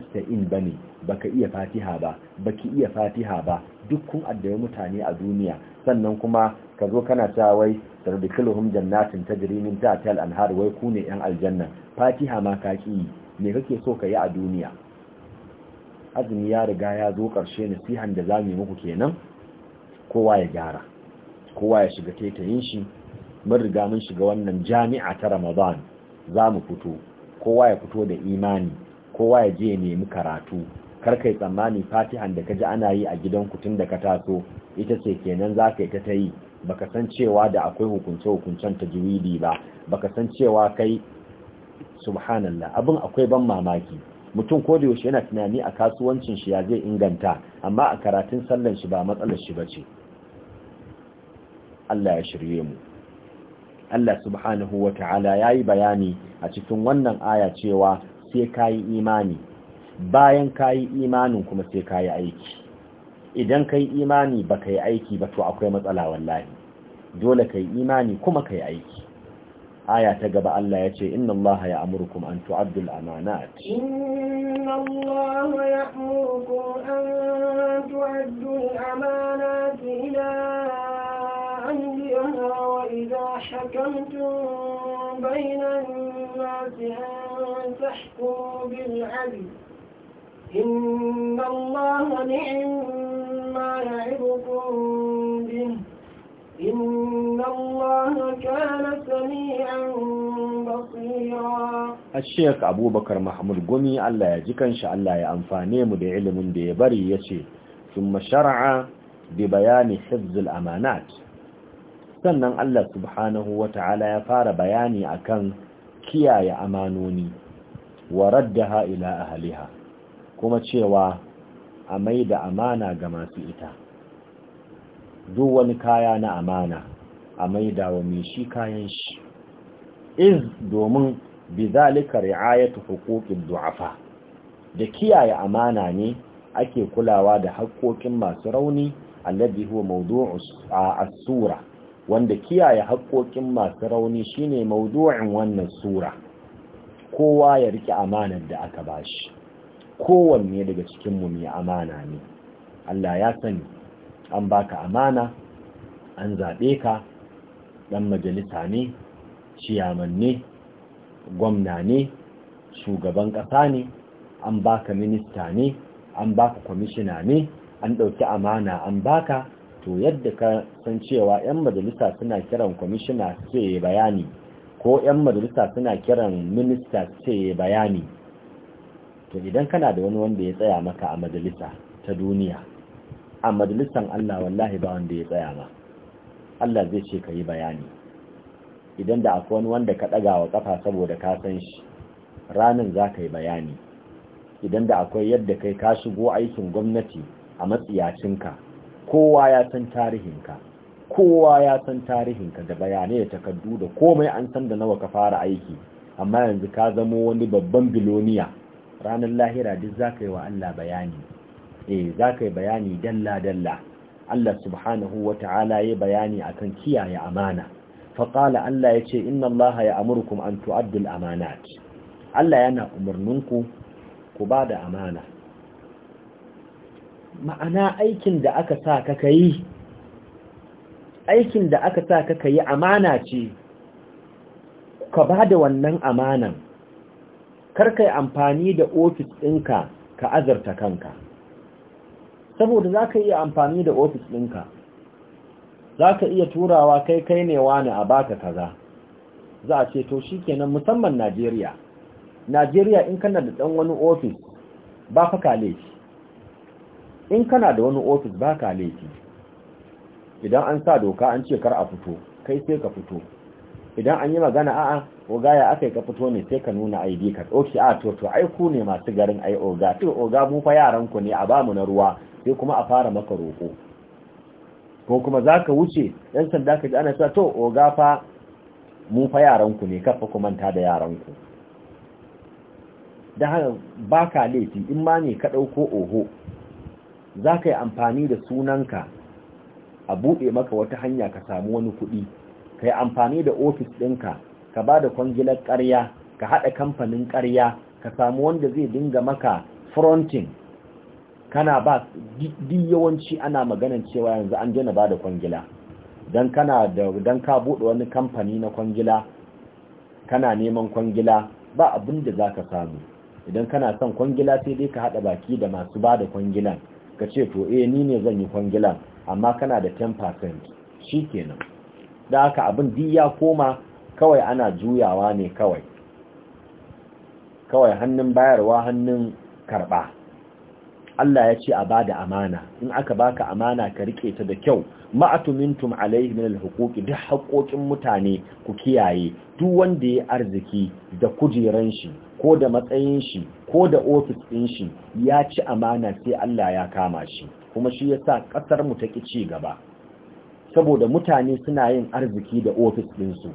ba ne, ba ka iya fatiha ba ba ki iya fatiha ba duk kun addaye mutane a duniya sannan kuma ka zo kana ta wai tarbikiluhum jannatin ta min ta al-anhar wai ku ne yan aljanna fatiha ma ka ki me kake so ka yi a duniya azumi ya riga ya zo ƙarshe nasihan da za mu yi muku kenan kowa ya gyara kowa ya shiga taitayin shi mun riga mun shiga wannan jami'a ta ramadan za mu fito kowa ya fito da imani kowa ya je ya nemi karatu kar kai tsammani fatihan da ka ji ana yi a gidanku tun da ka taso ita ce kenan za ka yi ta yi baka san cewa da akwai hukunce hukuncen ta tajwidi ba baka san cewa kai subhanallah abin akwai ban mamaki mutum ko da yaushe yana tunani a kasuwancin shi ya zai inganta amma a karatun sallan shi ba matsalar shi bace Allah ya shirye mu Allah subhanahu wa ta'ala ya yi bayani a cikin wannan aya cewa sai ka yi imani bayan ka yi imanin kuma sai ka yi aiki idan ka yi imani ba kai aiki ba to akwai matsala wallahi dole ka yi imani kuma kai aiki aya ta gaba Allah ya ce inna Allah ya amurkum an tu'addu al-amanat inna Allah ya'murukum an tu'addu al-amanat ila حكمتم بين الناس أن تحكموا بالعدل إن الله نعم ما يعظكم به إن الله كان سميعا بصيرا الشيخ أبو بكر محمود قمي الله شاء الله يأنفاني مدي علم دي بري يشي ثم شرع ببيان حفظ الأمانات sannan Allah subhanahu wa ta'ala ya fara bayani akan kiyaye amanoni wa raddaha ila ahliha kuma cewa a maida amana ga masu ita duk wani kaya na amana a maida wa mai shi kayan shi iz domin bizalika ri'ayatu huquqid du'afa da kiyaye amana ne ake kulawa da haƙƙoƙin masu rauni alladhi huwa mawdu'u as-sura wanda kiyaye haƙoƙin masu rauni shine maudu'in wannan sura kowa ya rike amanar da aka bashi kowanne daga cikin mu mai amana ne Allah ya sani an baka amana an zaɓe ka ɗan majalisa ne ciyaman ne gwamna ne shugaban ƙasa ne an baka minista ne an baka kwamishina ne an ɗauki amana an baka to yadda ka san cewa 'yan majalisa suna kiran kwamishina ce bayani ko 'yan majalisa suna kiran minista ce bayani to idan kana da wani wanda ya tsaya maka a majalisa ta duniya a majalisan Allah wallahi ba wanda ya tsaya ma Allah zai ce ka yi bayani idan da akwai wani wanda ka ɗaga wa ƙafa saboda ka san shi ranar za ka yi bayani idan da akwai yadda kai ka shigo aikin gwamnati a matsiyacinka kowa ya san tarihinka kowa ya san tarihinka da bayanai da takardu da komai an san da nawa ka fara aiki amma yanzu ka zamo wani babban biloniya ranar lahira duk za ka yi wa Allah bayani eh za ka yi bayani dalla-dalla Allah subhanahu wa ta'ala ya bayani akan kiyaye amana faƙala Allah ya ce inna Allah ya amurkum an tu'addul amanat Allah yana umarninku ku ba da amana ma'ana aikin da aka sa ka kayi aikin da aka sa ka kayi amana ce ka ba da wannan amanan kar kai amfani da ofis ɗinka ka azarta kanka saboda za ka yi amfani da ofis ɗinka za ka iya turawa kai kai ne wani a baka kaza za a ce to shi kenan musamman najeriya najeriya in kana da ɗan wani ofis ba fa kale shi in kana da wani ofis ba ka laifi idan an sa doka an ce kar a fito kai sai ka fito idan an yi magana a'a oga ya aka yi ka fito ne sai ka nuna ID ka ɗauki a to to ai ku ne masu garin ai oga to oga mu fa yaran ku ne a bamu na ruwa sai kuma a fara maka roko ko kuma za ka wuce yan sanda ka ji ana cewa to oga fa mu fa yaran ku ne kafa ku manta da yaran ku da haka ba ka laifi in ma ne ka ɗauko oho za ka yi amfani da sunanka a buɗe maka wata hanya ka samu wani kuɗi ka yi amfani da ofis ɗinka ka ba da kwangilar ƙarya ka haɗa kamfanin ƙarya ka samu wanda zai dinga maka frontin? kana ba duk yawanci ana maganan cewa yanzu an daina ba da kwangila don kana da don ka buɗe wani kamfani na kwangila kana neman kwangila ba abin da za ka samu idan kana son kwangila sai dai ka haɗa baki da masu ba da kwangilan ka ce to eh ni ne zan yi kwangilan amma kana da 10% shi kenan da haka abin biyu ya koma kawai ana juyawa ne kawai kawai hannun bayarwa hannun karɓa Allah ya ce a ba da amana in aka baka amana ka rike ta da kyau ma'atumintum alaihi min alhuquqi duk haƙoƙin mutane ku kiyaye duk wanda ya arziki da kujeran shi ko da matsayin shi ko da ofis ɗin shi ya ci amana sai Allah ya kama shi kuma shi ya sa ƙasar mu ta ci gaba saboda mutane suna yin arziki da ofis ɗinsu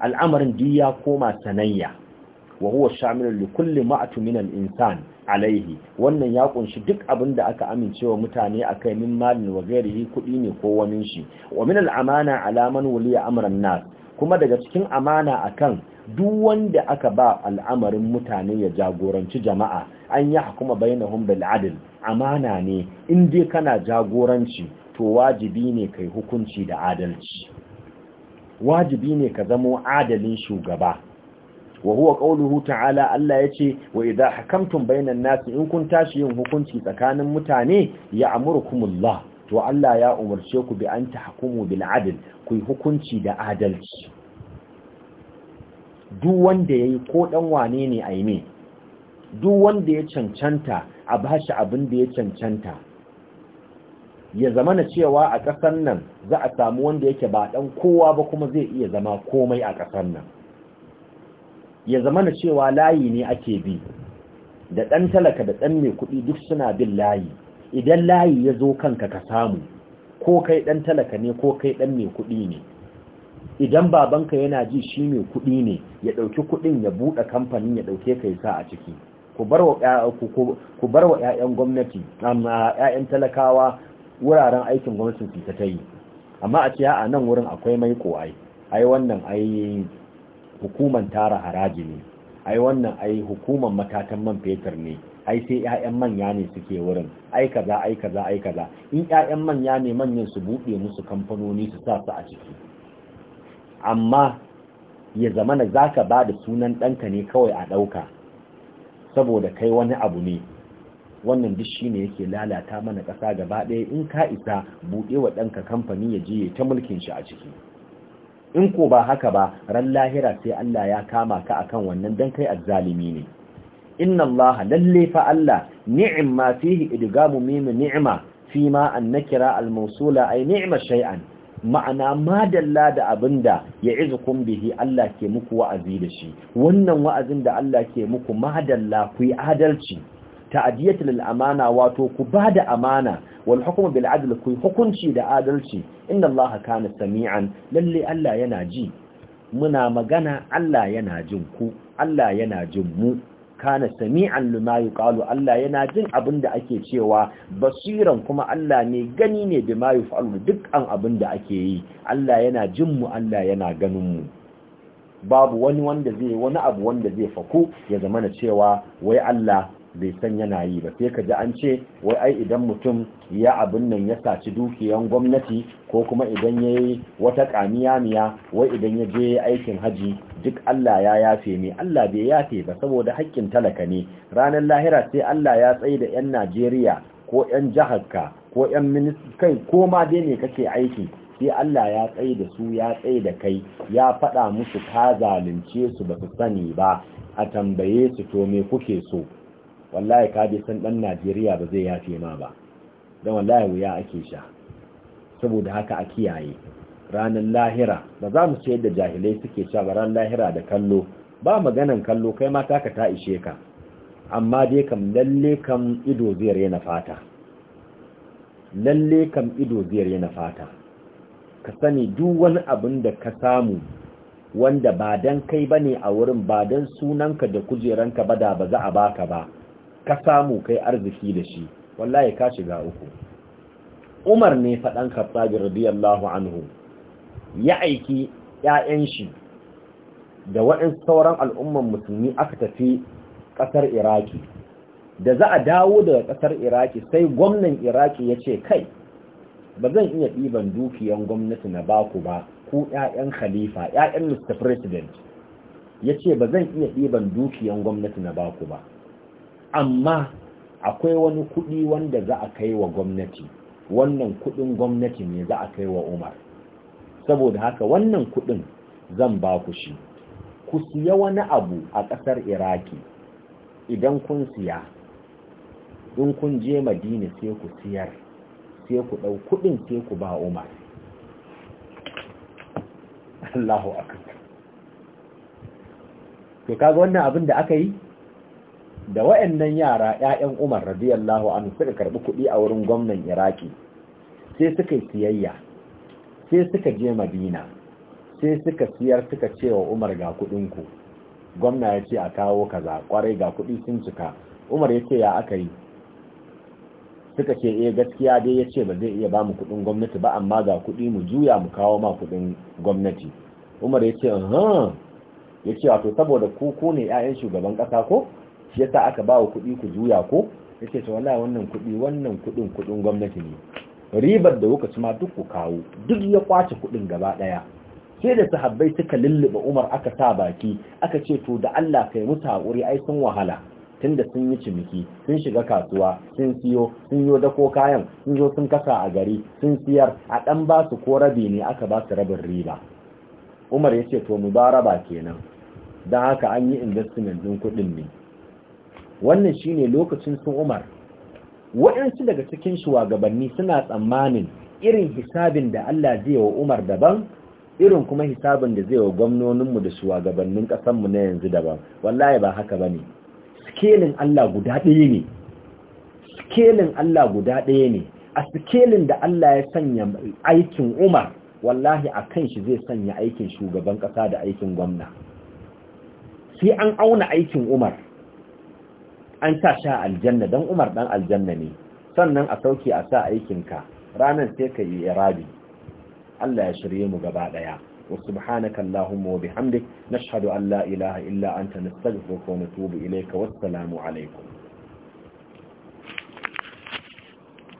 al'amarin duk ya koma sanayya wa huwa shamilun li kulli ma'atu min al-insan alaihi wannan ya kunshi duk abin da aka amincewa mutane akai min malin wa gairihi kudi ne ko wani shi wa min al-amana ala man waliya amran nas kuma daga cikin amana akan duk wanda aka ba al'amarin mutane ya jagoranci jama'a an yi hukuma bainahum bil adl amana ne in dai kana jagoranci to wajibi ne kai hukunci da adalci wajibi ne ka zamo adalin shugaba wa huwa qawluhu ta'ala Allah yace wa idha hakamtum bainan nas in kun tashi yin hukunci tsakanin mutane ya amurukumullah to Allah ya umarce ku bi an tahkumu bil adl ku yi hukunci da adalci duk wanda ya yi ko ɗan wane ne a yi duk wanda ya cancanta a ba shi abin da ya cancanta ya zama na cewa a ƙasar nan za a samu wanda yake ba ɗan kowa ba kuma zai iya zama komai a ƙasar nan ya zama na cewa layi ne ake bi da ɗan talaka da ɗan mai kuɗi duk suna bin layi idan layi ya zo kanka ka samu ko kai ɗan talaka ne ko kai ɗan mai kuɗi ne idan babanka yana ji shi mai kuɗi ne ya ɗauki kuɗin ya buɗe kamfanin ya ɗauke ka sa a ciki ku bar wa ‘ya'yan gwamnati amma ‘ya'yan talakawa wuraren aikin gwamnati su ta yi amma a ce a nan wurin akwai mai ai ai wannan ai hukumar tara haraji ne ai wannan ai hukumar matatan man fetur ne ai sai ƴaƴan manya ne suke wurin ai kaza ai kaza ai kaza in ƴaƴan manya ne manyan su buɗe musu kamfanoni su sa su a ciki amma ya zamana za ka ba da sunan ɗanka ne kawai a ɗauka saboda kai wani abu ne wannan duk shi ne yake lalata mana ƙasa gaba ɗaya in ka isa buɗe wa ɗanka kamfani ya je ta mulkin shi a ciki in ko ba haka ba ran lahira sai Allah ya kama ka akan wannan dan kai azzalimi ne inna Allah lalle fa Allah ni'ma fihi idgamu mim ni'ma fima ma nakira kira ay ni'ma shay'an ma'ana madalla da abinda ya izukum bihi Allah ke muku wa'azi da shi wannan wa'azin da Allah ke muku madalla ku yi adalci ta lil amana wato ku bada amana wal hukmu bil adl ku hukunci da adalci inna Allah kana sami'an lalle Allah yana ji muna magana Allah yana jin ku Allah yana jin mu kana sami'an lima yuqalu Allah yana jin abin da ake cewa basiran kuma Allah ne gani ne bima yufalu dukkan abin da ake yi Allah yana jin mu Allah yana ganin mu babu wani wanda zai wani abu wanda zai faku ya zama cewa wai Allah bai san yana yi ba sai ka ji an ce wai ai idan mutum ya abin nan ya saci dukiyan gwamnati ko kuma idan ya yi wata miya wai idan ya je aikin haji duk Allah ya yafe ne Allah bai yafe ba saboda hakkin talaka ne ranar lahira sai Allah ya tsaye da 'yan Najeriya ko 'yan ka ko 'yan ministan kai ko ma dai ne kake aiki sai Allah ya tsaye da su ya tsaye da kai ya faɗa musu ka zalunce su ba su sani ba a tambaye su to me kuke so wallahi ka je san dan Najeriya ba zai yafe ma ba dan wallahi wuya ake sha saboda haka a kiyaye ranar lahira ba za mu ce da jahilai suke sha ba ranar lahira da kallo ba maganan kallo kai ma taka ta ishe ka amma dai kam lalle kam ido zai rena fata lalle kam ido zai rena fata ka sani duk wani abin da ka samu wanda ba dan kai bane a wurin ba dan sunanka da kujeranka ba da ba za a baka ba ka samu kai arziki da shi wallahi ka shiga uku umar ne faɗan kafsabi radiyallahu anhu ya aiki ‘ya'yan shi da waɗansu sauran al'umman musulmi aka tafi ƙasar iraki da za a dawo daga ƙasar iraki sai gwamnan iraki ya ce kai ba zan iya ɗiban dukiyan gwamnati na baku ba ku ‘ya'yan khalifa ‘ya'yan mr president ya ce ba zan iya ɗiban dukiyan gwamnati na baku ba amma akwai wani kuɗi wanda za a kai wa gwamnati wannan kuɗin gwamnati ne za a kai wa umar saboda haka wannan kuɗin zan ba ku shi ku siya wani abu a ƙasar iraki idan kun siya in kun je madina sai ku siyar sai ku ɗau kuɗin sai ku ba umar Allahu akbar to kaga wannan abin da aka yi da wayannan yara ƴaƴan Umar radiyallahu anhu suka karbi kuɗi a wurin gwamnan Iraki sai suka siyayya sai suka je Madina sai suka siyar suka cewa Umar ga kuɗin ku gwamna ya ce a kawo kaza kwarai ga kuɗi sun cika Umar ya ce ya aka yi suka ce eh gaskiya dai ya ce ba zai iya ba mu kuɗin gwamnati ba amma ga kuɗi mu juya mu kawo ma kuɗin gwamnati Umar ya ce ya ce wato saboda ku ku ne 'ya'yan shugaban ƙasa ko shi yasa aka bawa kuɗi ku juya ko yake to wallahi wannan kuɗi wannan kuɗin kuɗin gwamnati ne ribar da kuka ci ma duk ku kawo duk ya kwace kuɗin gaba ɗaya sai da sahabbai suka lulluɓe Umar aka sa baki aka ce to da Allah kai musu hakuri ai sun wahala tunda sun yi ciniki sun shiga kasuwa sun siyo sun yo da ko kayan sun zo sun kasa a gari sun siyar a dan ba su ko rabi ne aka ba su rabin riba Umar ya ce to mu ba raba kenan don haka an yi investment din kuɗin ne wannan shi ne lokacin sun umar waɗansu daga cikin shugabanni suna tsammanin irin hisabin da Allah zai wa umar daban irin kuma hisabin da zai wa gwamnoninmu da shugabannin ƙasanmu na yanzu daban wallahi ba haka ba ne Sikelin Allah guda ɗaya ne skelin Allah guda ɗaya ne a sikelin da Allah ya sanya aikin umar wallahi a kan shi zai sanya aikin shugaban ƙasa da aikin gwamna sai an auna aikin umar an sa sha aljanna dan Umar dan aljanna ne sannan a sauke a sa aikinka ranar sai ka yi irabi Allah ya shirye mu gaba daya wa subhanaka allahumma wa bihamdik nashhadu an la ilaha illa anta nastaghfiruka wa natubu ilayka wassalamu alaikum